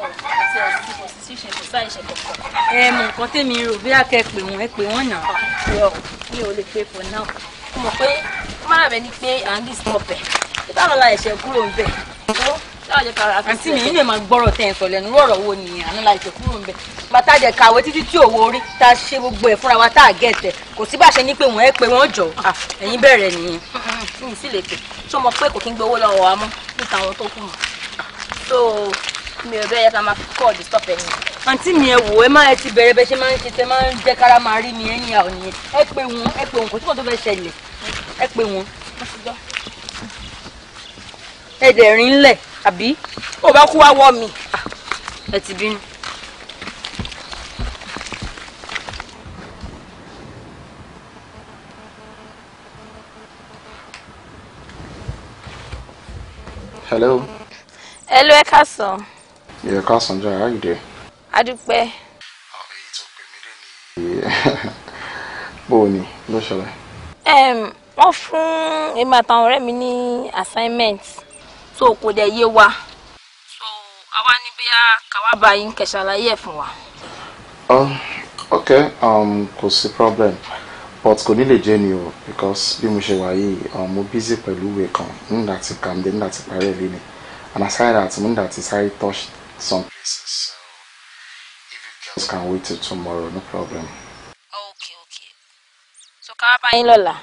wọn àti ẹ̀sìn tí constitution kò sáà ìṣẹ̀lẹ̀ kan. ẹ mọ nǹkan tèmi rò bí akẹ́ pè wọ́n ẹ pè wọ́n yàn án mi ò lè pè for now. mo mọ̀ pé mọ́ra bẹ ni pé à ń dì stop ẹ̀ ìgbà lọ́la ẹ̀ṣẹ̀ kúrò ń bẹ̀ àǹtí mi yìí lè máa gbọ́rọ̀ tẹ̀ ẹ̀ sọ̀lẹ̀ nínú ọ̀rọ̀ wo nìyẹn àná la ìṣẹ̀kú rò ń bẹ̀ bàtà jẹ kàwé títí tí òwò orí tá a ṣe gbogbo ẹ̀ fúnra wa tá a gẹ̀ẹ́tẹ̀ kò sí bá a ṣe ní pé wọ́n ẹ pé wọ́n jọ ẹ̀yin bẹ̀rẹ̀ nìyẹn mi sì lè pè tó mọ̀ pé kò kí ń gbowó lọ́wọ́ wa mọ́ níta àwọn tó kù mọ́ so mi ò bẹ́ẹ̀ yẹ ká máa fi kọ́ ọ̀dì stop ẹ̀yìn. àǹtí mi ẹ wò ẹ máa ẹ ti bẹ̀rẹ̀ bẹ ṣe máa ń ṣe tẹ máa ń jẹ́ kára máa rí mi ẹ̀yìn àwọn yẹn ẹ pé wọn ẹ pé wọn kò síbò tó fẹ́ ṣẹlẹ̀ ẹ pé wọn. ẹ dẹ̀ rí ńlẹ̀ àbí ò bá kú wá wọ́ mi ẹ ti bínú. hello. hello ẹ Yeah, Carl Sanjay, how are you there? Adúpẹ́. Èyí tó pè mí lé ní. Bó o ní ló ṣẹlẹ̀? Wọ́n fún èmi àtàwọn ọ̀rẹ́ mi ní assignment tó kò dẹ̀ yé wa. So àwa ní bóyá káwá bá yín kẹ̀ṣàlàyé ẹ̀ fún wa. Um, ok, um, kò sí problem but kò ní lè jẹ́ ni o because bí mo ṣe wà yìí um, mo busy pẹ̀lú ìwé kan nígbà tí kàmdé nígbà tí parí ẹ̀ lé ni and aside that nígbà tí sáré touch some cases. So if you girls can wait till tomorrow, no problem. Okay, okay. So ká wá bá yín lọ́la.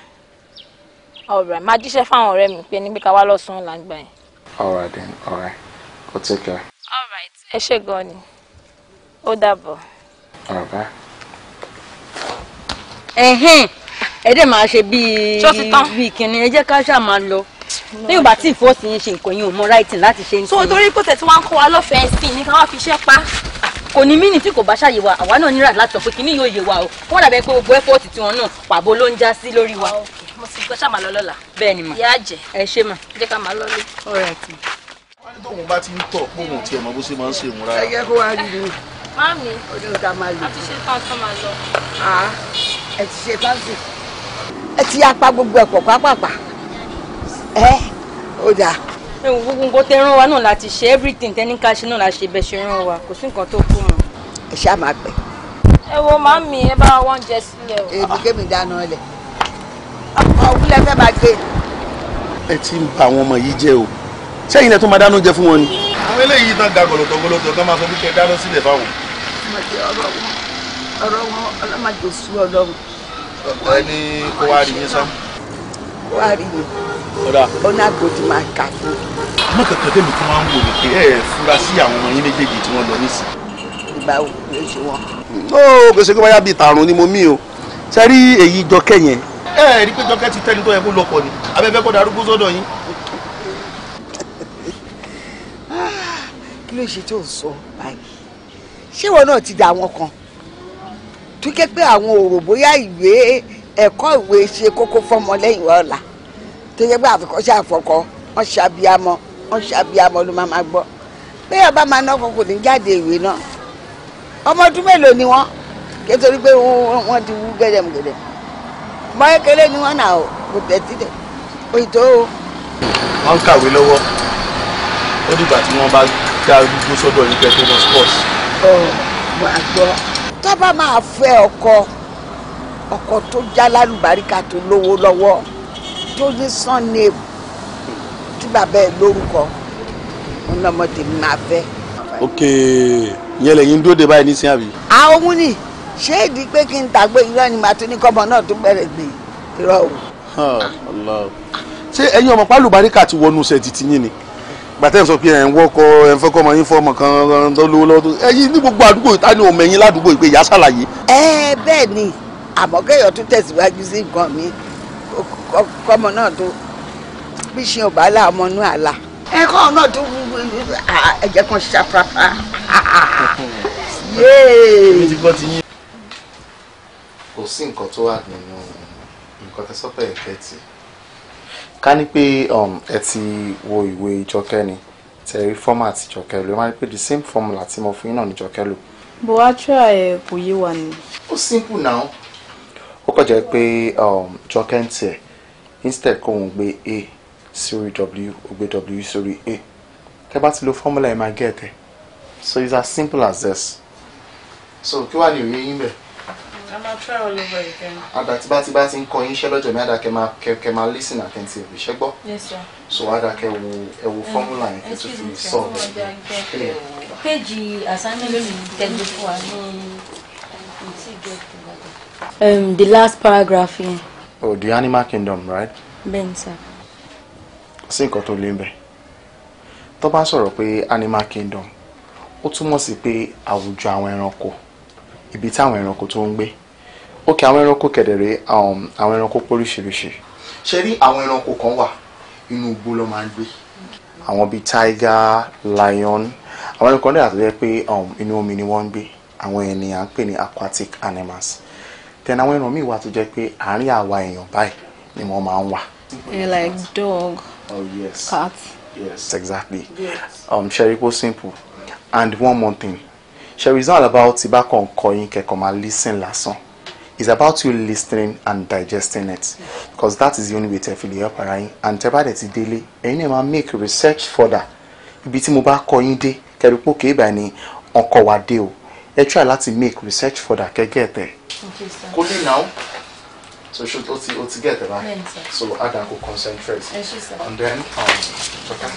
Alright, máa jíṣẹ́ fáwọn ọ̀rẹ́ mi pé níbi ká wá lọ́sùn ọ̀la gbà yẹn. Alright then, alright. Go take care. Alright, ẹ ṣé gan ni. Ó dàbọ̀. Alright, bye. Ẹ̀hìn, ẹ dẹ̀ máa ṣe bíi bíi kìnìún, ẹ jẹ́ ká ṣáà máa lẹ́yìn bá tí ìfọwọ́sí yẹn ṣe nǹkan yẹn ò mọ writing láti ṣe nǹkan. so torí pé tẹ̀sí wọn kọ́ wa lọ́fẹ̀ẹ́ sí ni káwọn fi iṣẹ́ pa. kò ní mí ní tí kò bá ṣàyè wa àwa náà nira láti sọ pé kíní yóò yé wa o wọ́n dàbẹ́ pé gbogbo ẹ́fọ́ọ̀tì tiwọn náà pàbó ló ń já sí lórí wa. mo ti gbọ́ ṣàmà lọ lọ́la. bẹ́ẹ̀ ni mà yá jẹ ẹ ṣe mà jẹ́ ká má lọ́lé. tóun bá ti ń tọ̀ póun tiẹ̀ mọ bó ṣe máa ń ṣe ìmúra. ẹ jẹ́ kó wá rí i. Mami, ọdún ká máa lò. A ti ṣe fáńtọ́ máa lọ. Ah, ẹ ti ṣe fáńtì. Ẹ ti apá gbogbo ẹ̀kọ́ pápápá ẹ ó dáa. ẹ wò gbogbo nǹkan tẹ́ rán wa náà láti ṣe everything tẹ́ ní ká ṣe náà la ṣe bẹ́ẹ̀ ṣe rán wa kò sí nǹkan tó kù mọ́. ẹ ṣáà máa pẹ́. ẹ wo màmí ẹ bá wọn jẹ sílẹ̀ o. èdè kémi dáná ah, lẹ ọmọ òwúlẹ fẹ́ máa gbé. ẹ ti ń ba àwọn ọmọ yìí jẹ́ o sẹ́yìn lẹ tó máa dáná oúnjẹ fún wọn ni. àwọn eléyìí tán ga gọlọtọgọlọtọ tán máa sọ fún kẹ dáná sílẹ̀ fáwọn. ọ̀rọ̀ wọn ọlọ́màjò sú ọlọ́run. ọ̀tọ̀ ẹni kó wá ọ̀nà àgbòdì máa kà fún. àmọ́ kẹ̀kẹ́ tẹ̀mí tí wọ́n ń wò ní pé ẹ̀ fura sí àwọn ọmọ yín méjèèjì tí wọ́n lọ nísìn. ìgbà wo ló ṣe wọn. ó gbèsè pé wáyà bíi tààrùn ni mo mí o ṣe rí èyí jọkẹ́ yẹn. ẹ ẹ rí pé jọkẹ́ ti tẹ́ni tó yẹ kó lọ pọ̀ ni abẹ́fẹ́ kọ́ darúgbó sọ́dọ̀ yín. kí ló ṣe tó ń sọ báyìí ṣé ìwọ náà ti dà wọn kan tó ké pé àwọn òrò bóyá ìwé ẹ̀kọ́ ìwé ṣe tó yẹ pé àfikọ́ṣe àfọkọ́ wọ́n ṣàbíamọ́ wọ́n ṣàbíamọ́ ló máa gbọ́ pé ọba máa ná ọkọ̀ kò ní jáde ìwé náà ọmọ ọdún mélòó ni wọ́n kétorí pé wọ́n ti wú gẹ́dẹ̀mùgẹ́dẹ̀ mọ́yékélé ni wọ́n nà ó kò tẹ̀tí dẹ̀ òyìntó o. wọ́n ń kàwé lọ́wọ́ ó dìgbà tí wọ́n bá dá arúgbó sọ́dọ̀ yìí kẹ́ tó mọ sports. ọ máa gbọ́ tọ́ba máa fẹ́ ọkọ ọkọ tó já lálùbáríkà tó lówó lọ́wọ́ chosen son name tí bàbá ẹ lórúkọ òun lọmọ tèmi máa fẹ́. ok ìyẹn lẹ́yìn dóde báyìí nísìnyí àbí. àwọn ni ṣé ìdí pé kí n tàgbé irọ́ ni màá tún ní kọ́mọ náà tó bẹ̀rẹ̀ gbé irọ́ o. ṣé ẹ̀yin ọmọ pálùbáríkà ti wọnú iṣẹ́ títí yín ni gbàtẹ́ sọ pé ẹ̀ ń wọ́kọ ẹ̀ ń fọ́kọ́ ọmọ yín fọ́ọ̀mọ̀ kan tó lówó lọ́wọ́ tó ẹ̀yin ní gbogbo àdúgbò ìta ni ọmọ ẹ̀yin ládùúgbò ìpè ìyá ṣàlàyé. ẹ bẹ́ẹ̀ ni àmọ́ kẹ́yọ̀ tún tẹ̀síwájú sí nǹkan mi kọ́mọ náà tó bí ṣe ọba aláàmọ inú àlà ẹ̀kọ́ náà tó ẹ̀jẹ̀ kan ṣàpàpà yéé. kò sí nǹkan tó wà nínú nǹkan tẹ́ sọ́pẹ́ ẹ̀fẹ́ tì. ká ní pé um, ẹ ti wo ìwé ìjọkẹ́ ni tẹ̀rí fọ́màtì ìjọkẹ́ ló máa ń pè the same formula tí mo fún yín náà ní ìjọkẹ́ lò. bó wá tíra kò yé wa ni. ó simple now ó kàn jẹ́ pé um, jọkẹ́ ń instead kó òun gbé a sórí w ó gbé w sórí a tẹ́ bá ti lo formula yìí máa gé ẹ̀tẹ̀ so it's as simple as this so kí wàá ní òye yín bẹ̀. a máa try all over again. àgbà tí bá ti bá ti ń kọ yín iṣẹ́ lọ́jọ́ mi àdàkẹ́ máa kẹ́kẹ́ máa listen àkẹ́ntì ẹ̀bí iṣẹ́ gbọ́. yes sir. so àdàkẹ́ wo ẹ wo formula yẹn kí tó fi sọ. péjì àsánilóyún tẹ̀lé fún wa ní. Um, the last paragraph here. Oh, the animal kingdom, right? Ben sir. Sí nǹkan tó lé ń pe animal kingdom, ó túmọ̀ sí pé àwùjọ àwọn ẹranko, ibi táwọn ẹranko tó ń gbé. Ókè àwọn ẹranko kẹ̀dẹ̀rẹ̀ um, àwọn ẹranko póríṣiríṣi. Ṣé rí àwọn ẹranko kan wà inú igbó ló máa ń gbé? Àwọn tiger, lion, àwọn ẹranko náà àti jẹ́ pé um, inú omi ni wọ́n ń àwọn ẹni ń pè ní aquatic animals then àwọn ẹran míì wà tó jẹ́ pé àárín àwa èèyàn báyìí ni wọ́n máa ń wà. like dog oh, yes. cat. yes exactly yes. Um, sherry po simple and one more thing sherry is not about ti bá kọ yín kẹ́kọ̀ọ́ máa listen lásán it's about you listening and digesting it because that is the only way to feel help ara yín and tẹ́ bá dẹ̀ ti délé ẹ̀yin náà máa make research further ibi tí mo bá kọ yín dé kẹ́rù pòkè ìbàní ọkọ̀ wa dé o ẹ try láti make research further kẹ́ get ẹ̀. kò ní now so ṣe o ti o ti get ẹ̀ báyìí so ada go concentrate and then um, okay.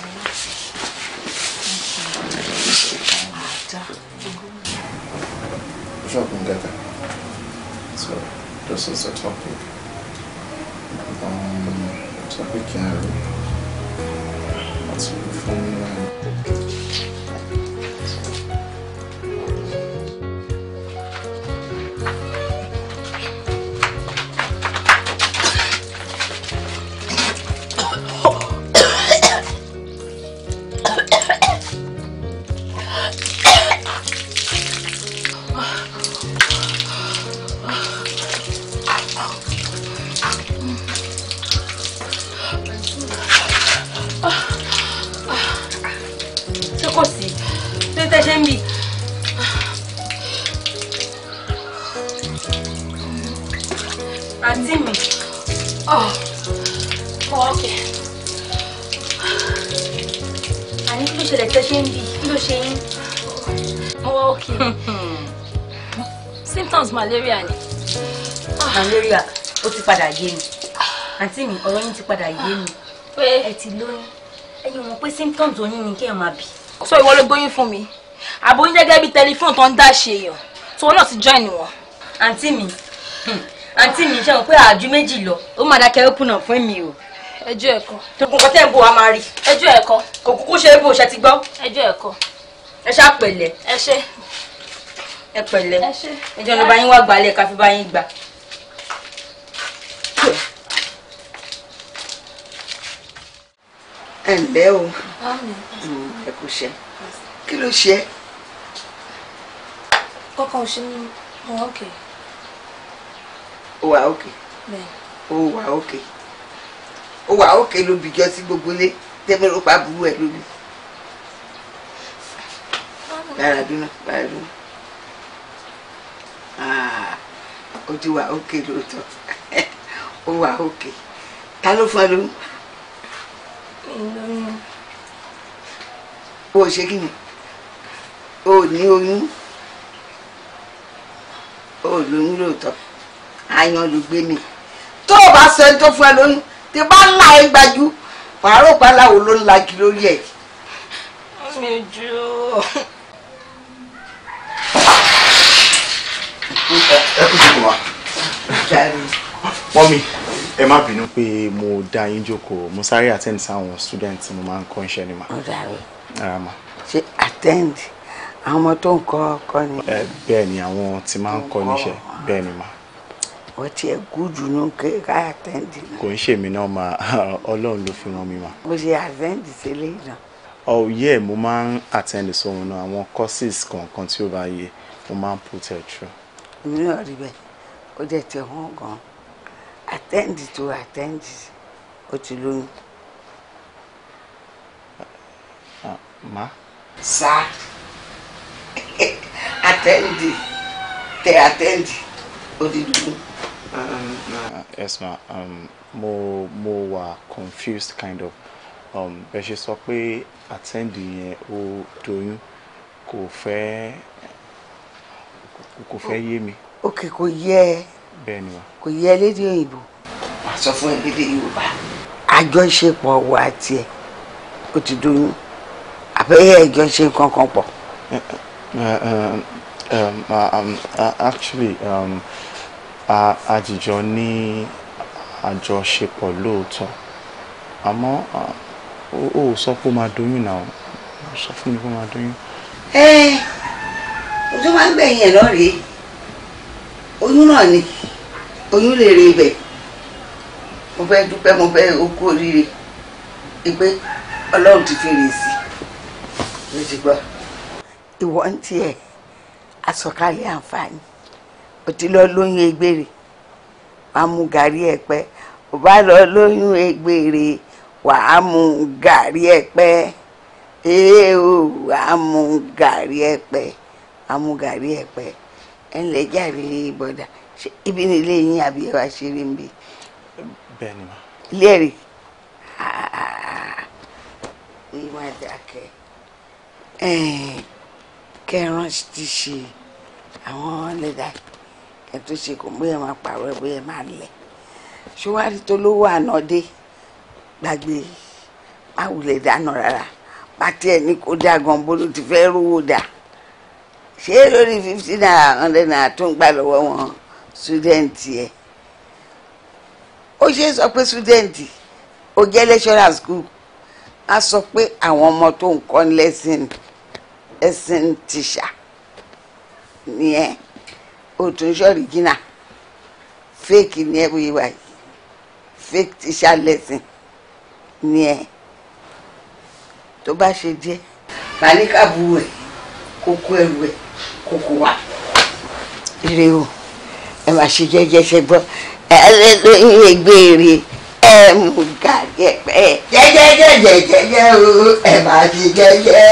Shop and get it. So this is the topic. Um, topic here. That's from. Uh, Oh, mọ̀ ọ́kẹ́. Àní kí ló ṣẹlẹ̀ tẹ́ ṣe ń bi? Kí ló ṣe yín? Mọ̀ ọ́kẹ́. Symptoms malaria ni. Malaria ó ti padà yé mi. Àǹtí mi, ọ̀rọ̀ yín ti padà yé mi. Pé ẹ ti lóyún. Ẹyin mọ̀ pé symptoms oyún ni kéèyàn máa bì. So ìwọ ló gbóyún fún mi. Àbóyún gẹ́gẹ́ bí tẹlifóònù tó ń dá ṣe èèyàn. So wọn náà ti join wọn. Àǹtí Hmm àǹtí mi ṣe mọ̀ pé àájú méjì lọ ó máa dákẹ́ ó kùnà fún mi o. ẹjọ́ ẹ̀kọ́. tókùn kan tẹ́ ń bò wá máa rí. ẹjọ́ ẹ̀kọ́. kò kúkú ṣe é bò ṣe ti gbọ́. ẹjọ́ ẹ̀kọ́. ẹ ṣá pẹ̀lẹ́. ẹ ṣé. ẹ pẹ̀lẹ́. ẹ ṣé. ẹjọ́ ló bá yín wá gbalẹ̀ ká fi bá yín gbà. ẹ ǹlẹ́ o mm, ẹ kò ṣe kí ló ṣe. kọ́kọ́ ò ṣe ní ọ̀ọ́kẹ́. Oh, ó wà òkè ó wà òkè ó wà òkè ló bìjọ sí gbogbo ilé tẹ́fẹ́ ló pa burú ẹ̀ lóbi. bára dúná bára dúná ah, ó ti wà òkè lóòótọ́ ó wà òkè ta ló fún ẹ o ṣe kí ni o ní oyún o lóyún lóòótọ́ àyàn ló gbé mi tó o bá sọ ẹni tó fún ẹ lóyún tí bá ń la ẹ gbajú pààrọ̀ pàláwo ló ń lagi lórí ẹ. mi jù ẹ kú jókòó wa. mọ́mí ẹ má bínú pé mo dá yín jókòó mo sáré attend sáwọn student mo máa ń kọ́ iṣẹ́ ni mà. ọ̀dà rẹ̀ ṣe attend àwọn ọmọ tó ń kọ́ kọ́ ni. bẹ́ẹ̀ ni àwọn tí máa ń kọ́ níṣẹ́ bẹ́ẹ̀ ni mà ọtí ẹ gúdù ní ká àtẹ́ǹdì náà. kò ń ṣèmi náà mà ọlọ́run ló fi ràn mí mà. mo ṣe àtẹ́ǹdì sílé náà. oh yeah mo máa ń àtẹ́ǹdì sóhun náà àwọn courses kọ̀ọ̀kan tí ó bá yẹ mo máa ń put it through. èmi náà rí bẹ́ẹ̀ ó jẹ́ ti hàn gan-an àtẹ́ǹdì tó àtẹ́ǹdì ó ti lóyún. Ah, ma. sa àtẹ́ǹdì tẹ àtẹ́ǹdì ó ti lóyún. Uh, yes ma um, mo mo wà confused kind of um, bẹ́ẹ̀ ṣe sọ pé àtẹ́ǹdì yẹn ó doyún kò fẹ́ kò fẹ́ yé mi. òkè kò yẹ ẹ bẹ́ẹ̀ ni wa. kò yẹ lédè òyìnbó. màá sọ fún ẹ lédè yorùbá. àjọṣepọ̀ wa àti ẹ̀ ó ti doyún àbẹ́yẹ ẹ̀jọ́ ṣe kankan pọ̀. Uh, uh, um, um, um, actually. Um, a àjìjọ ní àjọṣepọ̀ lóòótọ́ àmọ́ ó sọ pé ó máa doyún náà ó sọ fún mi pé ó máa doyún. ẹ ojú máa ń gbẹ̀yìn ẹ̀ lọ́rèé oyún náà ni oyún lè rí ibẹ̀ mo fẹ́ dúpẹ́ mo fẹ́ okú oríire ìpè ọlọ́run ti fèrè sí i ló ti gbọ́. ìwọ ń tiẹ̀ àsọ̀kalẹ̀ àǹfààní ó ti lọ lóyún egbèrè wàá mu gàrí ẹ̀pẹ ó bá lọ lóyún egbèrè wàá mu gàrí ẹ̀pẹ ee o wàá mu gàrí ẹ̀pẹ wàá mu gàrí ẹ̀pẹ ẹ̀ ń lẹ́ jàre bọ́dà ibi ni ilé yín àbí ẹ̀ wá ṣe rí mi. bẹ́ẹ̀ ni ma. ilé ẹ̀rí ìwà dàkẹ́ kẹrán ti ṣe àwọn lẹ́dàkẹ́ ẹ tó ṣe kò bóyá máa pààrọ̀ ẹ bóyá máa lẹ̀ ṣùwárí tó lówó àná dé gbàgbé má wulẹ̀ dáná rárá pàtí ẹ̀ ní kó dá gan bó ló ti fẹ́ rówó dà ṣé lórí fifty naira hundred naira tó ń gbà lọ́wọ́ wọn ṣúdẹ́ǹtì ẹ̀ ó ṣe sọ pé ṣúdẹ́ǹtì ó jẹ́ lecturer school a sọ pé àwọn ọmọ tó ń kọ́ lẹ́sìn ẹ̀sìn tíṣà nìyẹn. otu nsogbi jina fake ni ey fake ti sha letin ni e to ba se je ma nika bu e koko elu e koko wa ire o ewa se jeje se bo ele to yi egbeere em ga gepe gege gege gege o emadigege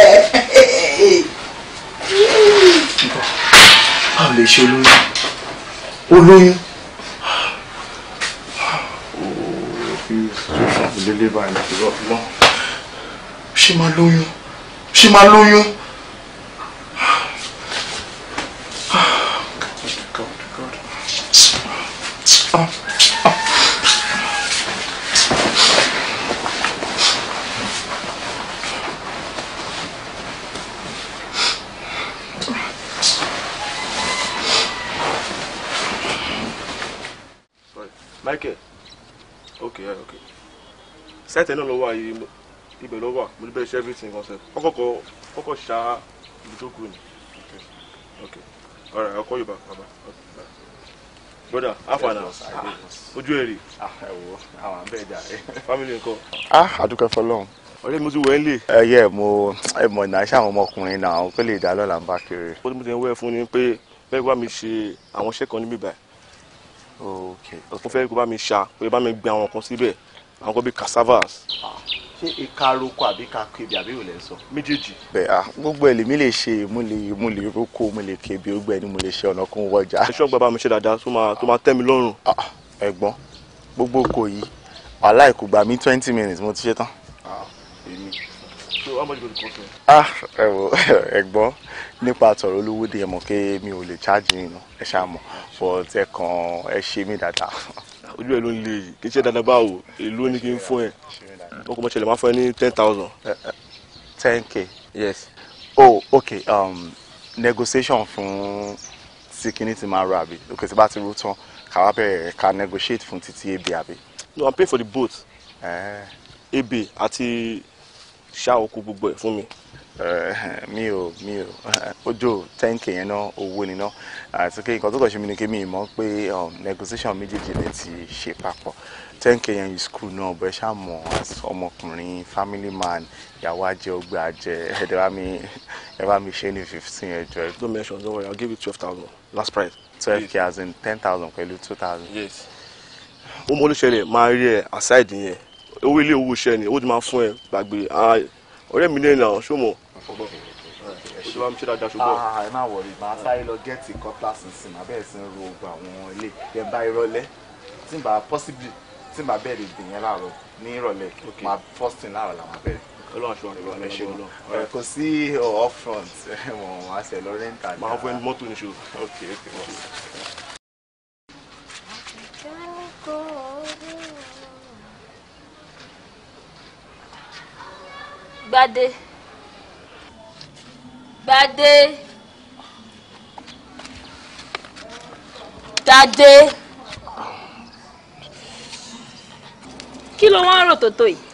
ehehue a lè ṣe olóyún olóyún. ṣé máa lóyún ṣé máa lóyún. oh Michael ok ok sẹ́ẹ̀tì náà ló wà yìí ibẹ̀ ló wà mo ní bẹ́ẹ̀ ṣe everything kan sẹ́ẹ̀ kọ́kọ́ kọ́kọ́ ṣá ibi tó kù ni ok all right I'll call you back baba okay, bye. brother how far now ojú èrè. Ah, àwọn abẹ́ ìjà rẹ̀. family ńkọ́. ah àdúkẹ́ fọlọ́run ọ̀rẹ́ mi ti wẹ̀ ń lè. ẹ yẹ mo ẹ mọ ìnáyà sáwọn ọmọkùnrin náà àwọn pé lè dá lọ́la ń bá kiri. ó ní mo ti ń wẹ̀ fún ni pé bẹ́ẹ̀ wá mi ṣe àwọn iṣẹ́ kan níbí báyìí okay mo fẹ́ kó bá mi ṣá kó bá mi gbin àwọn kan síbẹ̀ àwọn kan bíi cassavas. Ah, ṣé ìka roko àbí ìka kebì àbí ìwòlẹ̀ ń sọ. méjèèjì. bẹ́ẹ̀ ah gbogbo ẹ̀ lèmi lè ṣe mo lè mo lè roko mo lè kebì ó gbẹ ni mo lè ṣe ọ̀nà kún wọjà. ẹ ṣọ́gbà bá mi ṣe dáadáa tó máa tó máa tẹ́ mi lọ́rùn. Ah, ẹ̀gbọ́n gbogbo oko yìí wàhálà ìkùgbà mi twenty minutes mo ti ṣe tán. Ah, èmi ah ẹ wo ẹ̀gbọ́n nípa tọrọ olówó de ẹ mọ̀ mi ò lè ṣáàjì yín nà ẹ ṣáà mọ̀ but ẹ kàn ẹ ṣe mí dáadáa. ojú ẹ ló ń le yìí kí ṣe dáadáa báwo èló ni kí n fún ẹ wọn kò mọ ṣẹlẹ̀ máa fún ẹ ní ten thousand. ten k yes. oh okay um, negotiation fún tí kinní ti máa ra àbí òkè tí bá ti rú tán kàwá bẹ̀rẹ̀ ká negotiate fún títí ebi àbí. no I pay for the boat. Eh. ebi àti ṣá okú gbogbo ẹ̀ fún mi mi ò mi ò ojú tẹ́ǹkì yẹn náà owó ni náà àti pé nǹkan tó kàn ṣe mí ni kémi mọ̀ pé um, negotiation méjèèjì lè ti ṣe papọ̀ tẹ́ǹkì yẹn yìí skul náà bẹ́ẹ̀ ṣá mọ̀ ọmọkùnrin family man ìyàwó ajẹ́ ọgbẹ́ ajẹ́ ẹ̀dẹ̀ bá mi ẹ̀ bá mi ṣe ní fifteen ẹ̀jọ̀. don't mention don't worry i'll give you twelve thousand last price. twelve k as in ten thousand pẹ̀lú two thousand. yes. ó mọ̀ olùṣẹ́lẹ̀ máa rí ẹ̀ aside yẹn owó ilé owó iṣẹ́ ni owó ti máa fún ẹ gbàgbé ọ̀rẹ́ mi lẹ́yìn náà ṣó mọ̀. ṣé wàá mú ṣe dáadáa ṣùgbọ́n. Ah, ẹ má wọrí màá sáré lọ gẹ́ẹ̀tì cutlass nsìn màá bẹ̀rẹ̀ sí ń ro ogun àwọn ilé yẹn bá ìrọ̀lẹ́ tí n bá possibly tí n bá bẹ̀rẹ̀ dè yẹn láàárọ̀ ní ìrọ̀lẹ́ màá first thing láàárọ̀ là máa bẹ̀rẹ̀. ọlọ́run ṣe ọ̀rẹ́ ọ̀rẹ́ ṣe ọ̀rẹ́ kò sí off front wọn wá sẹ lọ rẹ́ńtà. máa fẹ́ mọ́tò ní ṣo. ok ok. gbadé gbadé gbadé kí ló wá ń rò tòótọ́ yìí.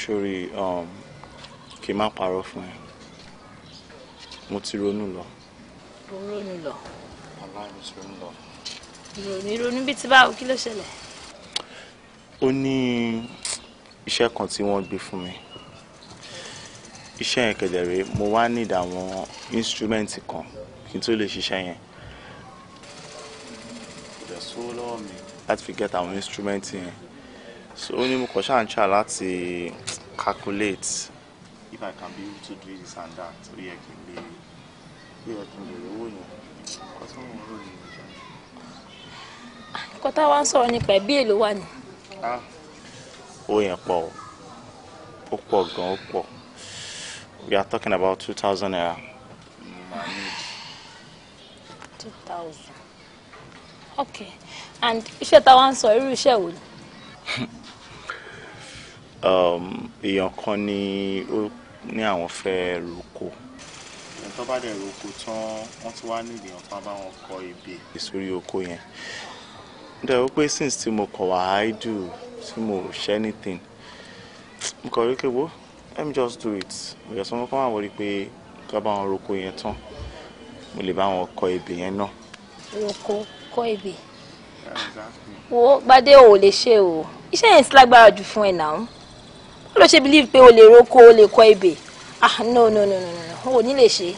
sórí kì í má parọ́ fún ẹ mo ti ronú lọ. ronú lọ. aláìní ti ronú lọ ìrònú ìrònú bíi ti báwo kí ló ṣẹlẹ̀. ó ní iṣẹ́ kan tí wọ́n gbé fún mi iṣẹ́ yẹn kẹ̀dẹ̀ rèé mo wá need àwọn instrument kan kí n tó lè ṣiṣẹ́ yẹn láti fi get àwọn instrument yẹn so ó ní mo kàn ṣáà ń ṣà láti calculate if I can be able to do this and that ó yẹ kí n lè ó yẹ kí lè owó yẹn kọ́ tí mo ń kọ́ tá a wá ń sọ̀rọ̀ nípa ẹ̀ bí èlò wà ní. Ah, ó yẹn pọ̀ ó pọ̀ gan-an ó pọ̀ we are talking about two thousand naira. two thousand okay and iṣẹ́ tá a wá ń sọ irú iṣẹ́ wo ni. Um, èèyàn kan ni ó ní àwọn fẹ́ roko tó bá dẹ̀ roko tán wọ́n ti wá nídìí ọ̀pá bá wọn kọ ebè sórí oko yẹn dẹ̀ wọ́n pé since tí mo kọ̀ wá idle tí mo ṣe anything mo kọ̀ wípé wo let me just do it ìyẹn sọ fún àwọn rí pé ká bá wọn roko yẹn tán mo lè bá wọn kọ ebè yẹn náà. roko kọ ebè wo gbadé o ò lè ṣe o iṣẹ́ yẹn ti lágbára jù fún ẹ̀ náà wọ́n lọ ṣe believe pé o lè roko o lè kọ ebè ah no no no no no o ò ní lè ṣe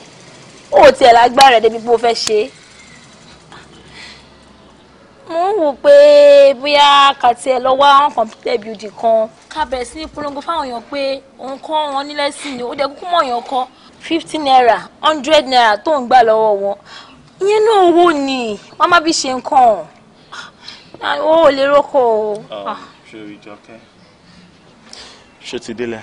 o ò tiẹ̀ lágbára ẹ̀ débi pé o fẹ́ ṣe é mo ń wò pé bóyá kàtí ẹ lọ wá àwọn computer building kan kábẹ̀rẹ̀ sí ní polongo fáwọn èèyàn pé òun kọ́ wọn nílẹ̀ sí ni ó dẹ̀ kúkú mọ̀ èèyàn kọ́ fifty naira hundred naira tó ń gbà lọ́wọ́ wọn ìyẹn náà owó ni wọ́n má bí ṣe nǹkan ah, ó lè rọ́kọ̀ o. Ah, ah. ṣé o ìjọkẹ́ ṣé o ti délẹ̀.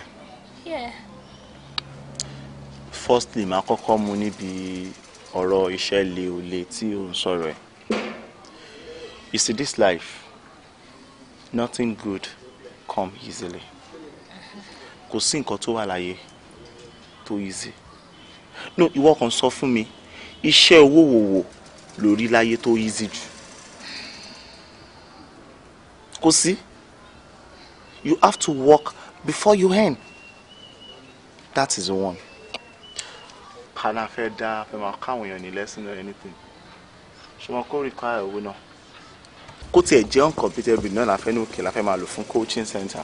firstly màá kọ́kọ́ mu níbi ọ̀rọ̀ iṣẹ́ lé olè tí ò ń sọ̀rọ̀ ẹ̀ You see, this life, nothing good come easily. Kò sí nǹkan tó wà láyé tó easy. No, ìwọ kan sọ fún mi, iṣẹ́ owó wo lórí láyé tó easy jù. Kò sí. You have to work before you earn. That is the one. Kana fẹ́ dá fẹ́ máa káwọn èèyàn ní lẹ́sìn or anything. Ṣé wọn kò require owó náà? kó tiẹ̀ jẹ́ uncompleted building náà la fẹ́ ní òkè la fẹ́ máa lò fún coaching center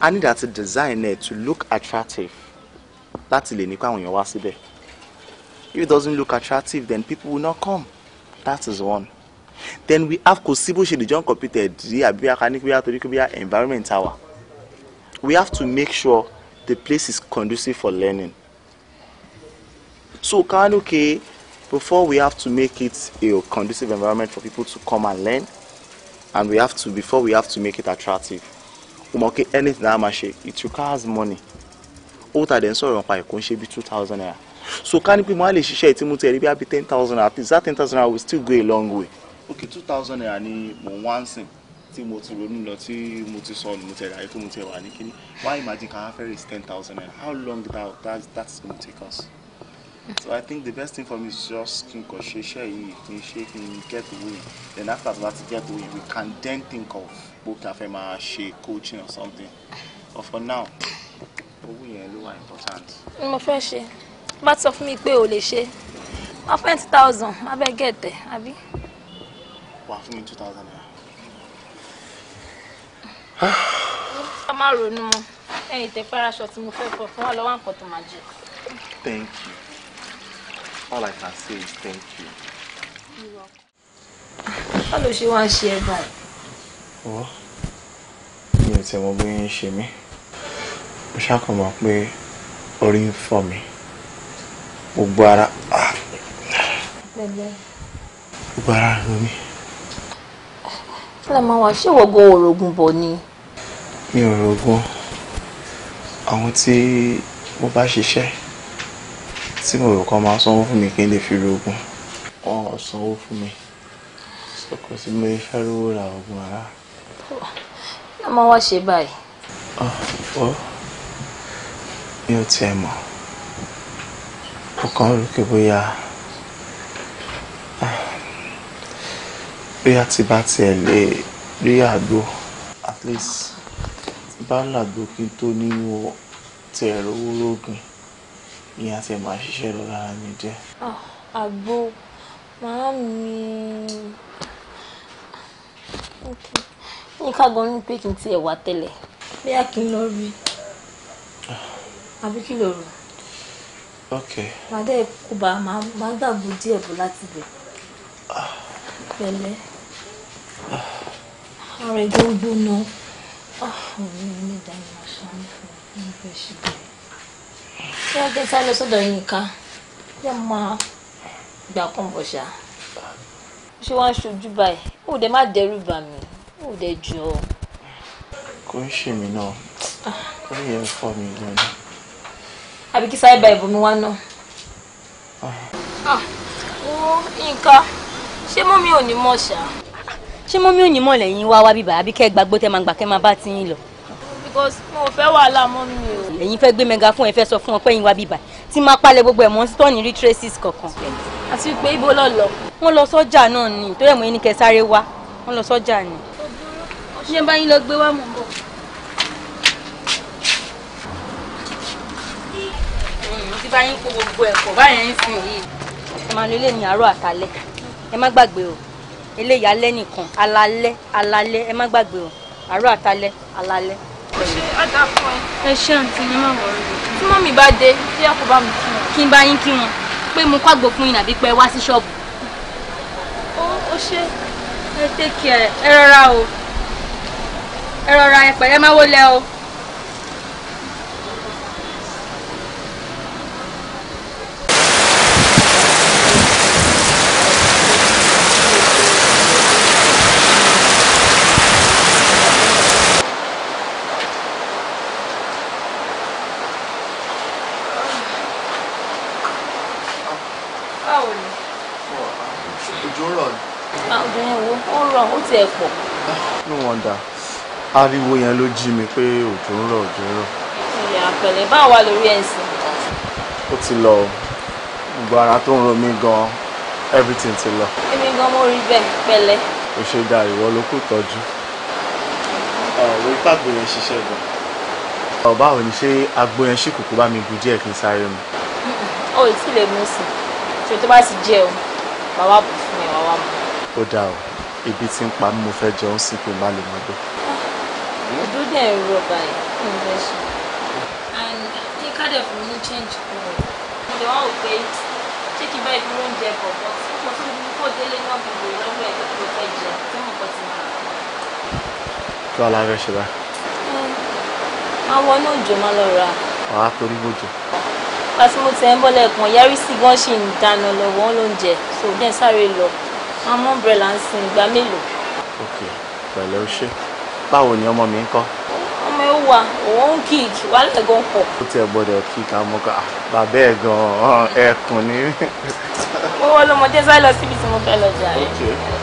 a need àti design ẹ̀ to look attractive láti lè ní pé àwọn èèyàn wá síbẹ̀ if it doesn't look attractive then people will not come that is one then we have kò sí bó ṣe lè jẹ́ uncompleted rí àbí akaníkúbíyà torí kúbíyà environment hour we have to make sure the place is conducive for learning so kánú okay, before we have to make it a conducive environment for people to come and learn and we have to before we have to make it attractive Um, okay, anything that ma it requires money owó tàdé ń sọ̀rọ̀ nípa ẹ̀kọ́ ń two thousand naira so can you pé mo á lè ṣiṣẹ́ ìtìmú tẹ̀ rí bí ten thousand naira at least that ten thousand naira will still go a long way okay two thousand naira ni mo wá ń sìn tí mo ti ronú lọ tí mo ti sọnù mo ti rà ayé tó mo ti wà ní kíní why imagine can i ferry is ten thousand naira how long that that that's gonna take us so i think the best thing for me is just kí n kàn ṣe iṣẹ́ yìí kí n get away then after that get away we can then think of bó kí a fẹ́ máa ṣe coaching or something but for now owó yẹn ló wà important. mo fẹ́ ṣe bá sọ fún mi pé o lè ṣe wá fún twenty thousand abẹ́ gẹ̀ẹ́tẹ̀ àbí. wà fún mi two thousand naira. ká má ronú mọ́ ẹ̀yìn tẹ faraṣọ tí mo fẹ́ fọ fún wa lọ́wọ́ àpọ̀tọ̀ màjẹ. thank you. All I can say is thank you. Báwo ló ṣe wá ń ṣe ẹ báyìí? Wọ́ mi ò tẹ̀ mọ́ bí ń ṣe mí. Mo ṣàkànmọ́ pé orí ń fọ́ mi. Gbogbo ara. Ah. Gbogbo ara ń ro mí. Fúlẹ̀ máa wá ṣé go. òrògùn bọ̀ ni? go. I want to go back to share tí mo rò kọ́ máa sanwó fún mi kí n lè fi rogun wọn ò sanwó fún mi kò sí mo lè fẹ́ rówó ra oògùn ara. yóò máa wá ṣe báyìí. Ah, ọ̀ mi ò tiẹ̀ mọ̀ mo kàn ń rò pé bóyá ah, bóyá tí bá tiẹ̀ lè rí àgbo at least bá làgbo kí n tó nínú tiẹ̀ rówó lóògùn ìyá tẹ máa ṣiṣẹ́ lọ lára mi díẹ̀. Ah, àgbo màá mi ní ká gan ní pé kí n tiẹ̀ wá tẹ́lẹ̀ bóyá kí n lọ rí ah. àbí kí lọ rò. ok. màá dẹ́ kó bá màá gbàgbó díẹ̀ bó láti bẹ̀. Ah. pẹ̀lẹ́ ara ẹ̀jẹ̀ ń gbóná ọ̀rẹ́ mi dá ìmọ̀ ṣáà ń fún mi ní ìfẹ́ ṣe bí a gbé sá lọ sọ́dọ̀ yín ká yẹ máa gbà kún bọ̀ ṣá ó ṣe wá ń ṣojú báyìí ó dẹ̀ má dẹ́rù bà mí ó dẹ̀ jù ọ́. kò ń ṣe mí náà kò ní yẹ fọ mi lónìí. àbí kí sáyé bá ìbomi wá náà. Ah. Ah, wo nǹkan ṣé mọ́ mi ò ní mọ̀ ṣá. ṣé mọ́ mi ò ní mọ̀ lẹ́yìn wá wá bíbá àbí kẹ́ gbàgbó tẹ́ máa gbà kẹ́ máa bá ti yín lọ because mo fẹ́ wàhálà mọ́ mi o. ẹ̀yin fẹ́ gbé mẹ́ga fún ẹ fẹ́ sọ fún ọ pé yín bíbà tí máa palẹ̀ gbogbo ẹ̀ mọ́ stọ́ọ̀nì rí kankan. àti pé ibo lọ lọ. wọ́n lọ sọ́jà náà ni tó yẹ ẹni kẹ sáré wá wọ́n lọ sọ́jà ni. ṣé bá yín lọ gbé wá mọ̀ bọ̀. ti bá yín kó gbogbo ẹ̀kọ́ báyẹn ń sìn yìí. ẹ máa lo ilé ní àárọ̀ àtàlẹ́ ẹ má gbàgbé o eléyàá lẹ́nìkan alalẹ́ alalẹ́ ẹ má gbàgbé o àárọ̀ àtàlẹ́ alalẹ́ ṣe ọ̀dà fún ẹ. ẹ ṣé àǹtí mi máa wọ̀ ọ́ tí mọ́mì bá dé tí a kò bá mi kí wọn. kí n bá yín kí wọn pé mo kó àgbo fún yín àbí pé wá sí ṣọ́ọ̀bù. ó ó ṣe ẹ tẹ́kì ẹ ẹ rọra o ẹ rọra ẹ pẹ̀lẹ́ máa wọlé o. tiẹ̀ pọ̀. no wonder ariwo yẹn ló jí mi pé òjò ń rọ̀ òjò ń rọ̀. ìyá àpẹẹrẹ bá wà lórí ẹ̀sìn. ó ti lọ gbogbo ara tó ń ro mí gan everything ti lọ. èmi gan mo rí bẹ́ẹ̀ pẹ̀lẹ́. o ṣe da ìwọ ló kù tọ́jú. ọ̀rọ̀ ìpàgbé yẹn ṣiṣẹ́ gan. ọ̀bá ò ní ṣe agbo yẹn ṣì kùkú bá mi bu díẹ̀ kí n sáré mu. o ì tí ì lè mú sí i ṣe tó bá ti jẹ o bàbá bù fún ẹ wàá wà mọ́. ó dáa o ebi ti ń pa mí mo fẹ́ jẹun sí kí n bá lè máa gbé. ọdún dẹ̀ ń rọ báyìí kí n fẹ́ sùn. kí kádẹ̀ fún mi change kù rẹ̀ mo lè wá wò pé ṣé kí n bá ìdúró oúnjẹ bọ̀ bọ́ mo tún ní kó délé náà kò lè lọ́wọ́ ẹ̀ tó fẹ́ jẹ tó mọ̀ kọ́ ti máa rà. kí wàá láfẹ́ ṣe báyìí. máa wọ inú òjò máa lọ ra. wàá torí bójú. pàṣẹ mo tẹ̀ ń bọ́lẹ̀ kan yẹrí sí gan ṣì ń dáná lọ́wọ́ oúnjẹ so dẹ́n sáré lọ àmọ́ umbrella ń sin ìgbà mélòó. ok pẹ̀lẹ́ o ṣe báwo ni ọmọ mi ń kọ́. ọmọ ẹ wà òun kíkì wàhálà gan pọ̀. ó tiẹ̀ gbọ́dọ̀ kíkì àmọ́ ká ah, bàbá ẹ̀ gan-an ẹ̀kùn ni. owó ọlọ́mọdé sáré lọ síbi tí mo fẹ́ lọ jà rẹ̀.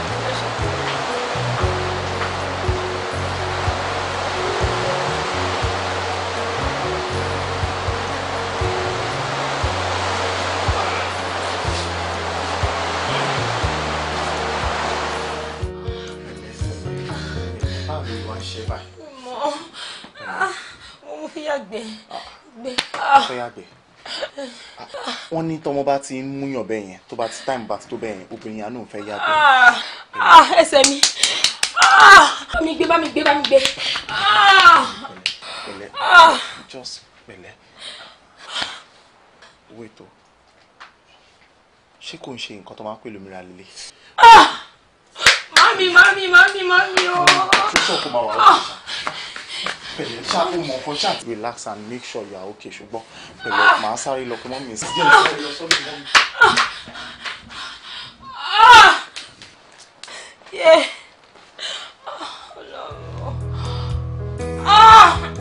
wọ́n ní tọmọ bá ti ń múyàn bẹ́ẹ̀ yẹn tó bá ti táìmù bá ti tó bẹ́ẹ̀ obìnrin àánú fẹ́ yá bẹ́ẹ̀. Ah, ah, ẹsẹ̀ mi ah, mi gbé bá mi gbé bá mi gbé. pẹ̀lẹ́ just pẹ̀lẹ́ owó ètò ṣé kò ń ṣe nǹkan tó máa ń pè lómìnira líle. mami mami mami mami ooo. tó sọ máa wà ó pẹ̀lẹ́ ṣá o mọ̀ nǹkan ṣá. relax and make sure you are okay ṣùgbọ́n pẹ̀lẹ́ màá sáré lọ kí mọ́ mi sí. Yeah. Oh, no. Ah!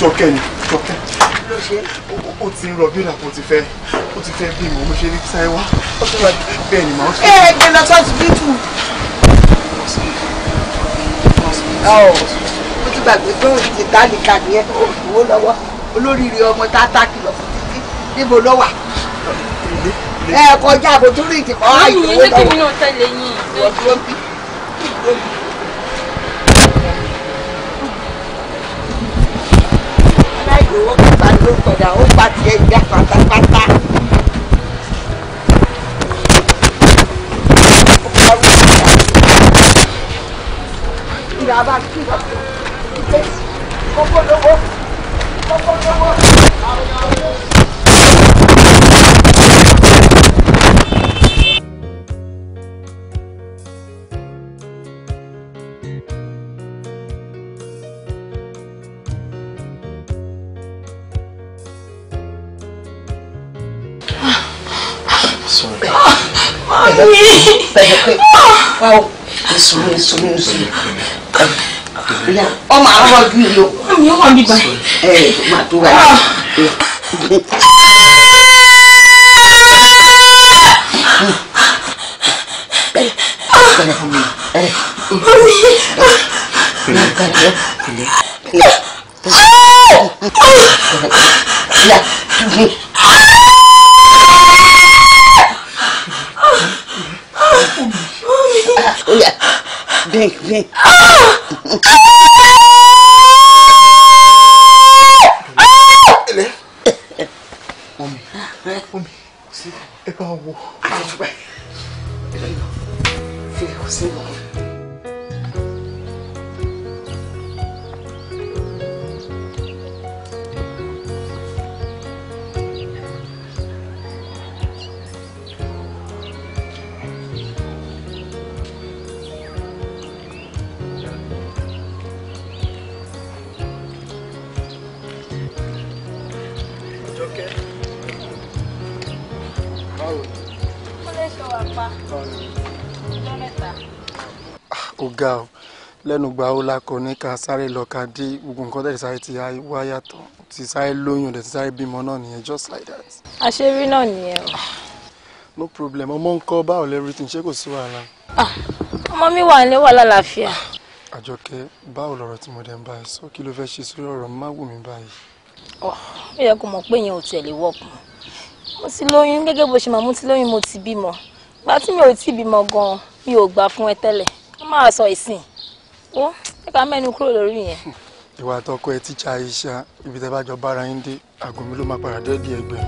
jọkẹ́ ni jọkẹ́ ó ti ń rọbí ìlàpọ̀ ó ti fẹ́ ó ti fẹ́ bí mo mo ṣe ní sáré wá ó ti wá bẹ́ẹ̀ ni màá. ẹ ẹ gbẹdọ tó ti bí tù. ó ti gbàgbé pé òun ti tá nìkan nìyẹn òwò lọ́wọ́ olóríire ọmọ tá a tá kìlọ̀ fún títí níbo ló wà ẹ kọjá àbótúrú ìdìbò àìsàn owó lọ́wọ́. àyè ilé kí mi náà tẹ̀lé yín. ló padà ó bá tiẹ̀ ìyá pátápátá. ìyá bá kí wọ́n kó lówó. pẹ̀lẹ́ pẹ̀lẹ́ pé wá o ìṣòro ìṣòro ìṣòro ìyá ọmọ àwọn ọdún yìí o. mi ò wà níbà. ẹ ẹ máa tó wà ní. la kò ní ká sáré lọ ká dé gbogbo nǹkan tẹ̀lé sáré ti wá yàtọ̀ ti sáré lóyún rẹ̀ ti sáré bímọ náà nìyẹn just like that. àṣírí náà nìyẹn o. Ah, no problem ọmọ ńkọ́ báwo everything ṣé kò sí wàhálà. Ah, ọmọ mi wà ní wàhálà láàfíà. Ah, àjọkẹ́ báwo lọ̀rọ̀ tí mo dẹ̀ ń bá ẹ sọ kí ló fẹ́ ṣe sórí ọ̀rọ̀ má wù mí báyìí. Oh, ó yẹ kó mọ̀ pé yẹn ò tiẹ̀ lè wọ́pọ̀ mo ti lóyún gẹ́gẹ́ bó ṣe máa mú ti lóyún mo ti bímọ gbà tí mi ò tí bímọ gan-an mi ò gbà fún ẹ tẹ́lẹ̀ ká máa sọ ìsìn ó ẹ ká mẹ́nu kúrò lórí yẹn. ìwà àtọkọ ẹ tíjà iṣẹ́ ibi tẹ́ bá jọ bára yín dé àgùn mi ló máa padà dẹ́ẹ̀dì ẹgbẹ́.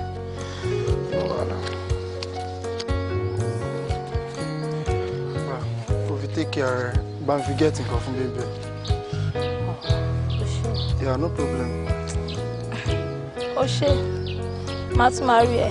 o fi take care rẹ bá ń fi get nǹkan fún bíbẹ. yeah no problem. ó ṣe máa tún máa rí ẹ.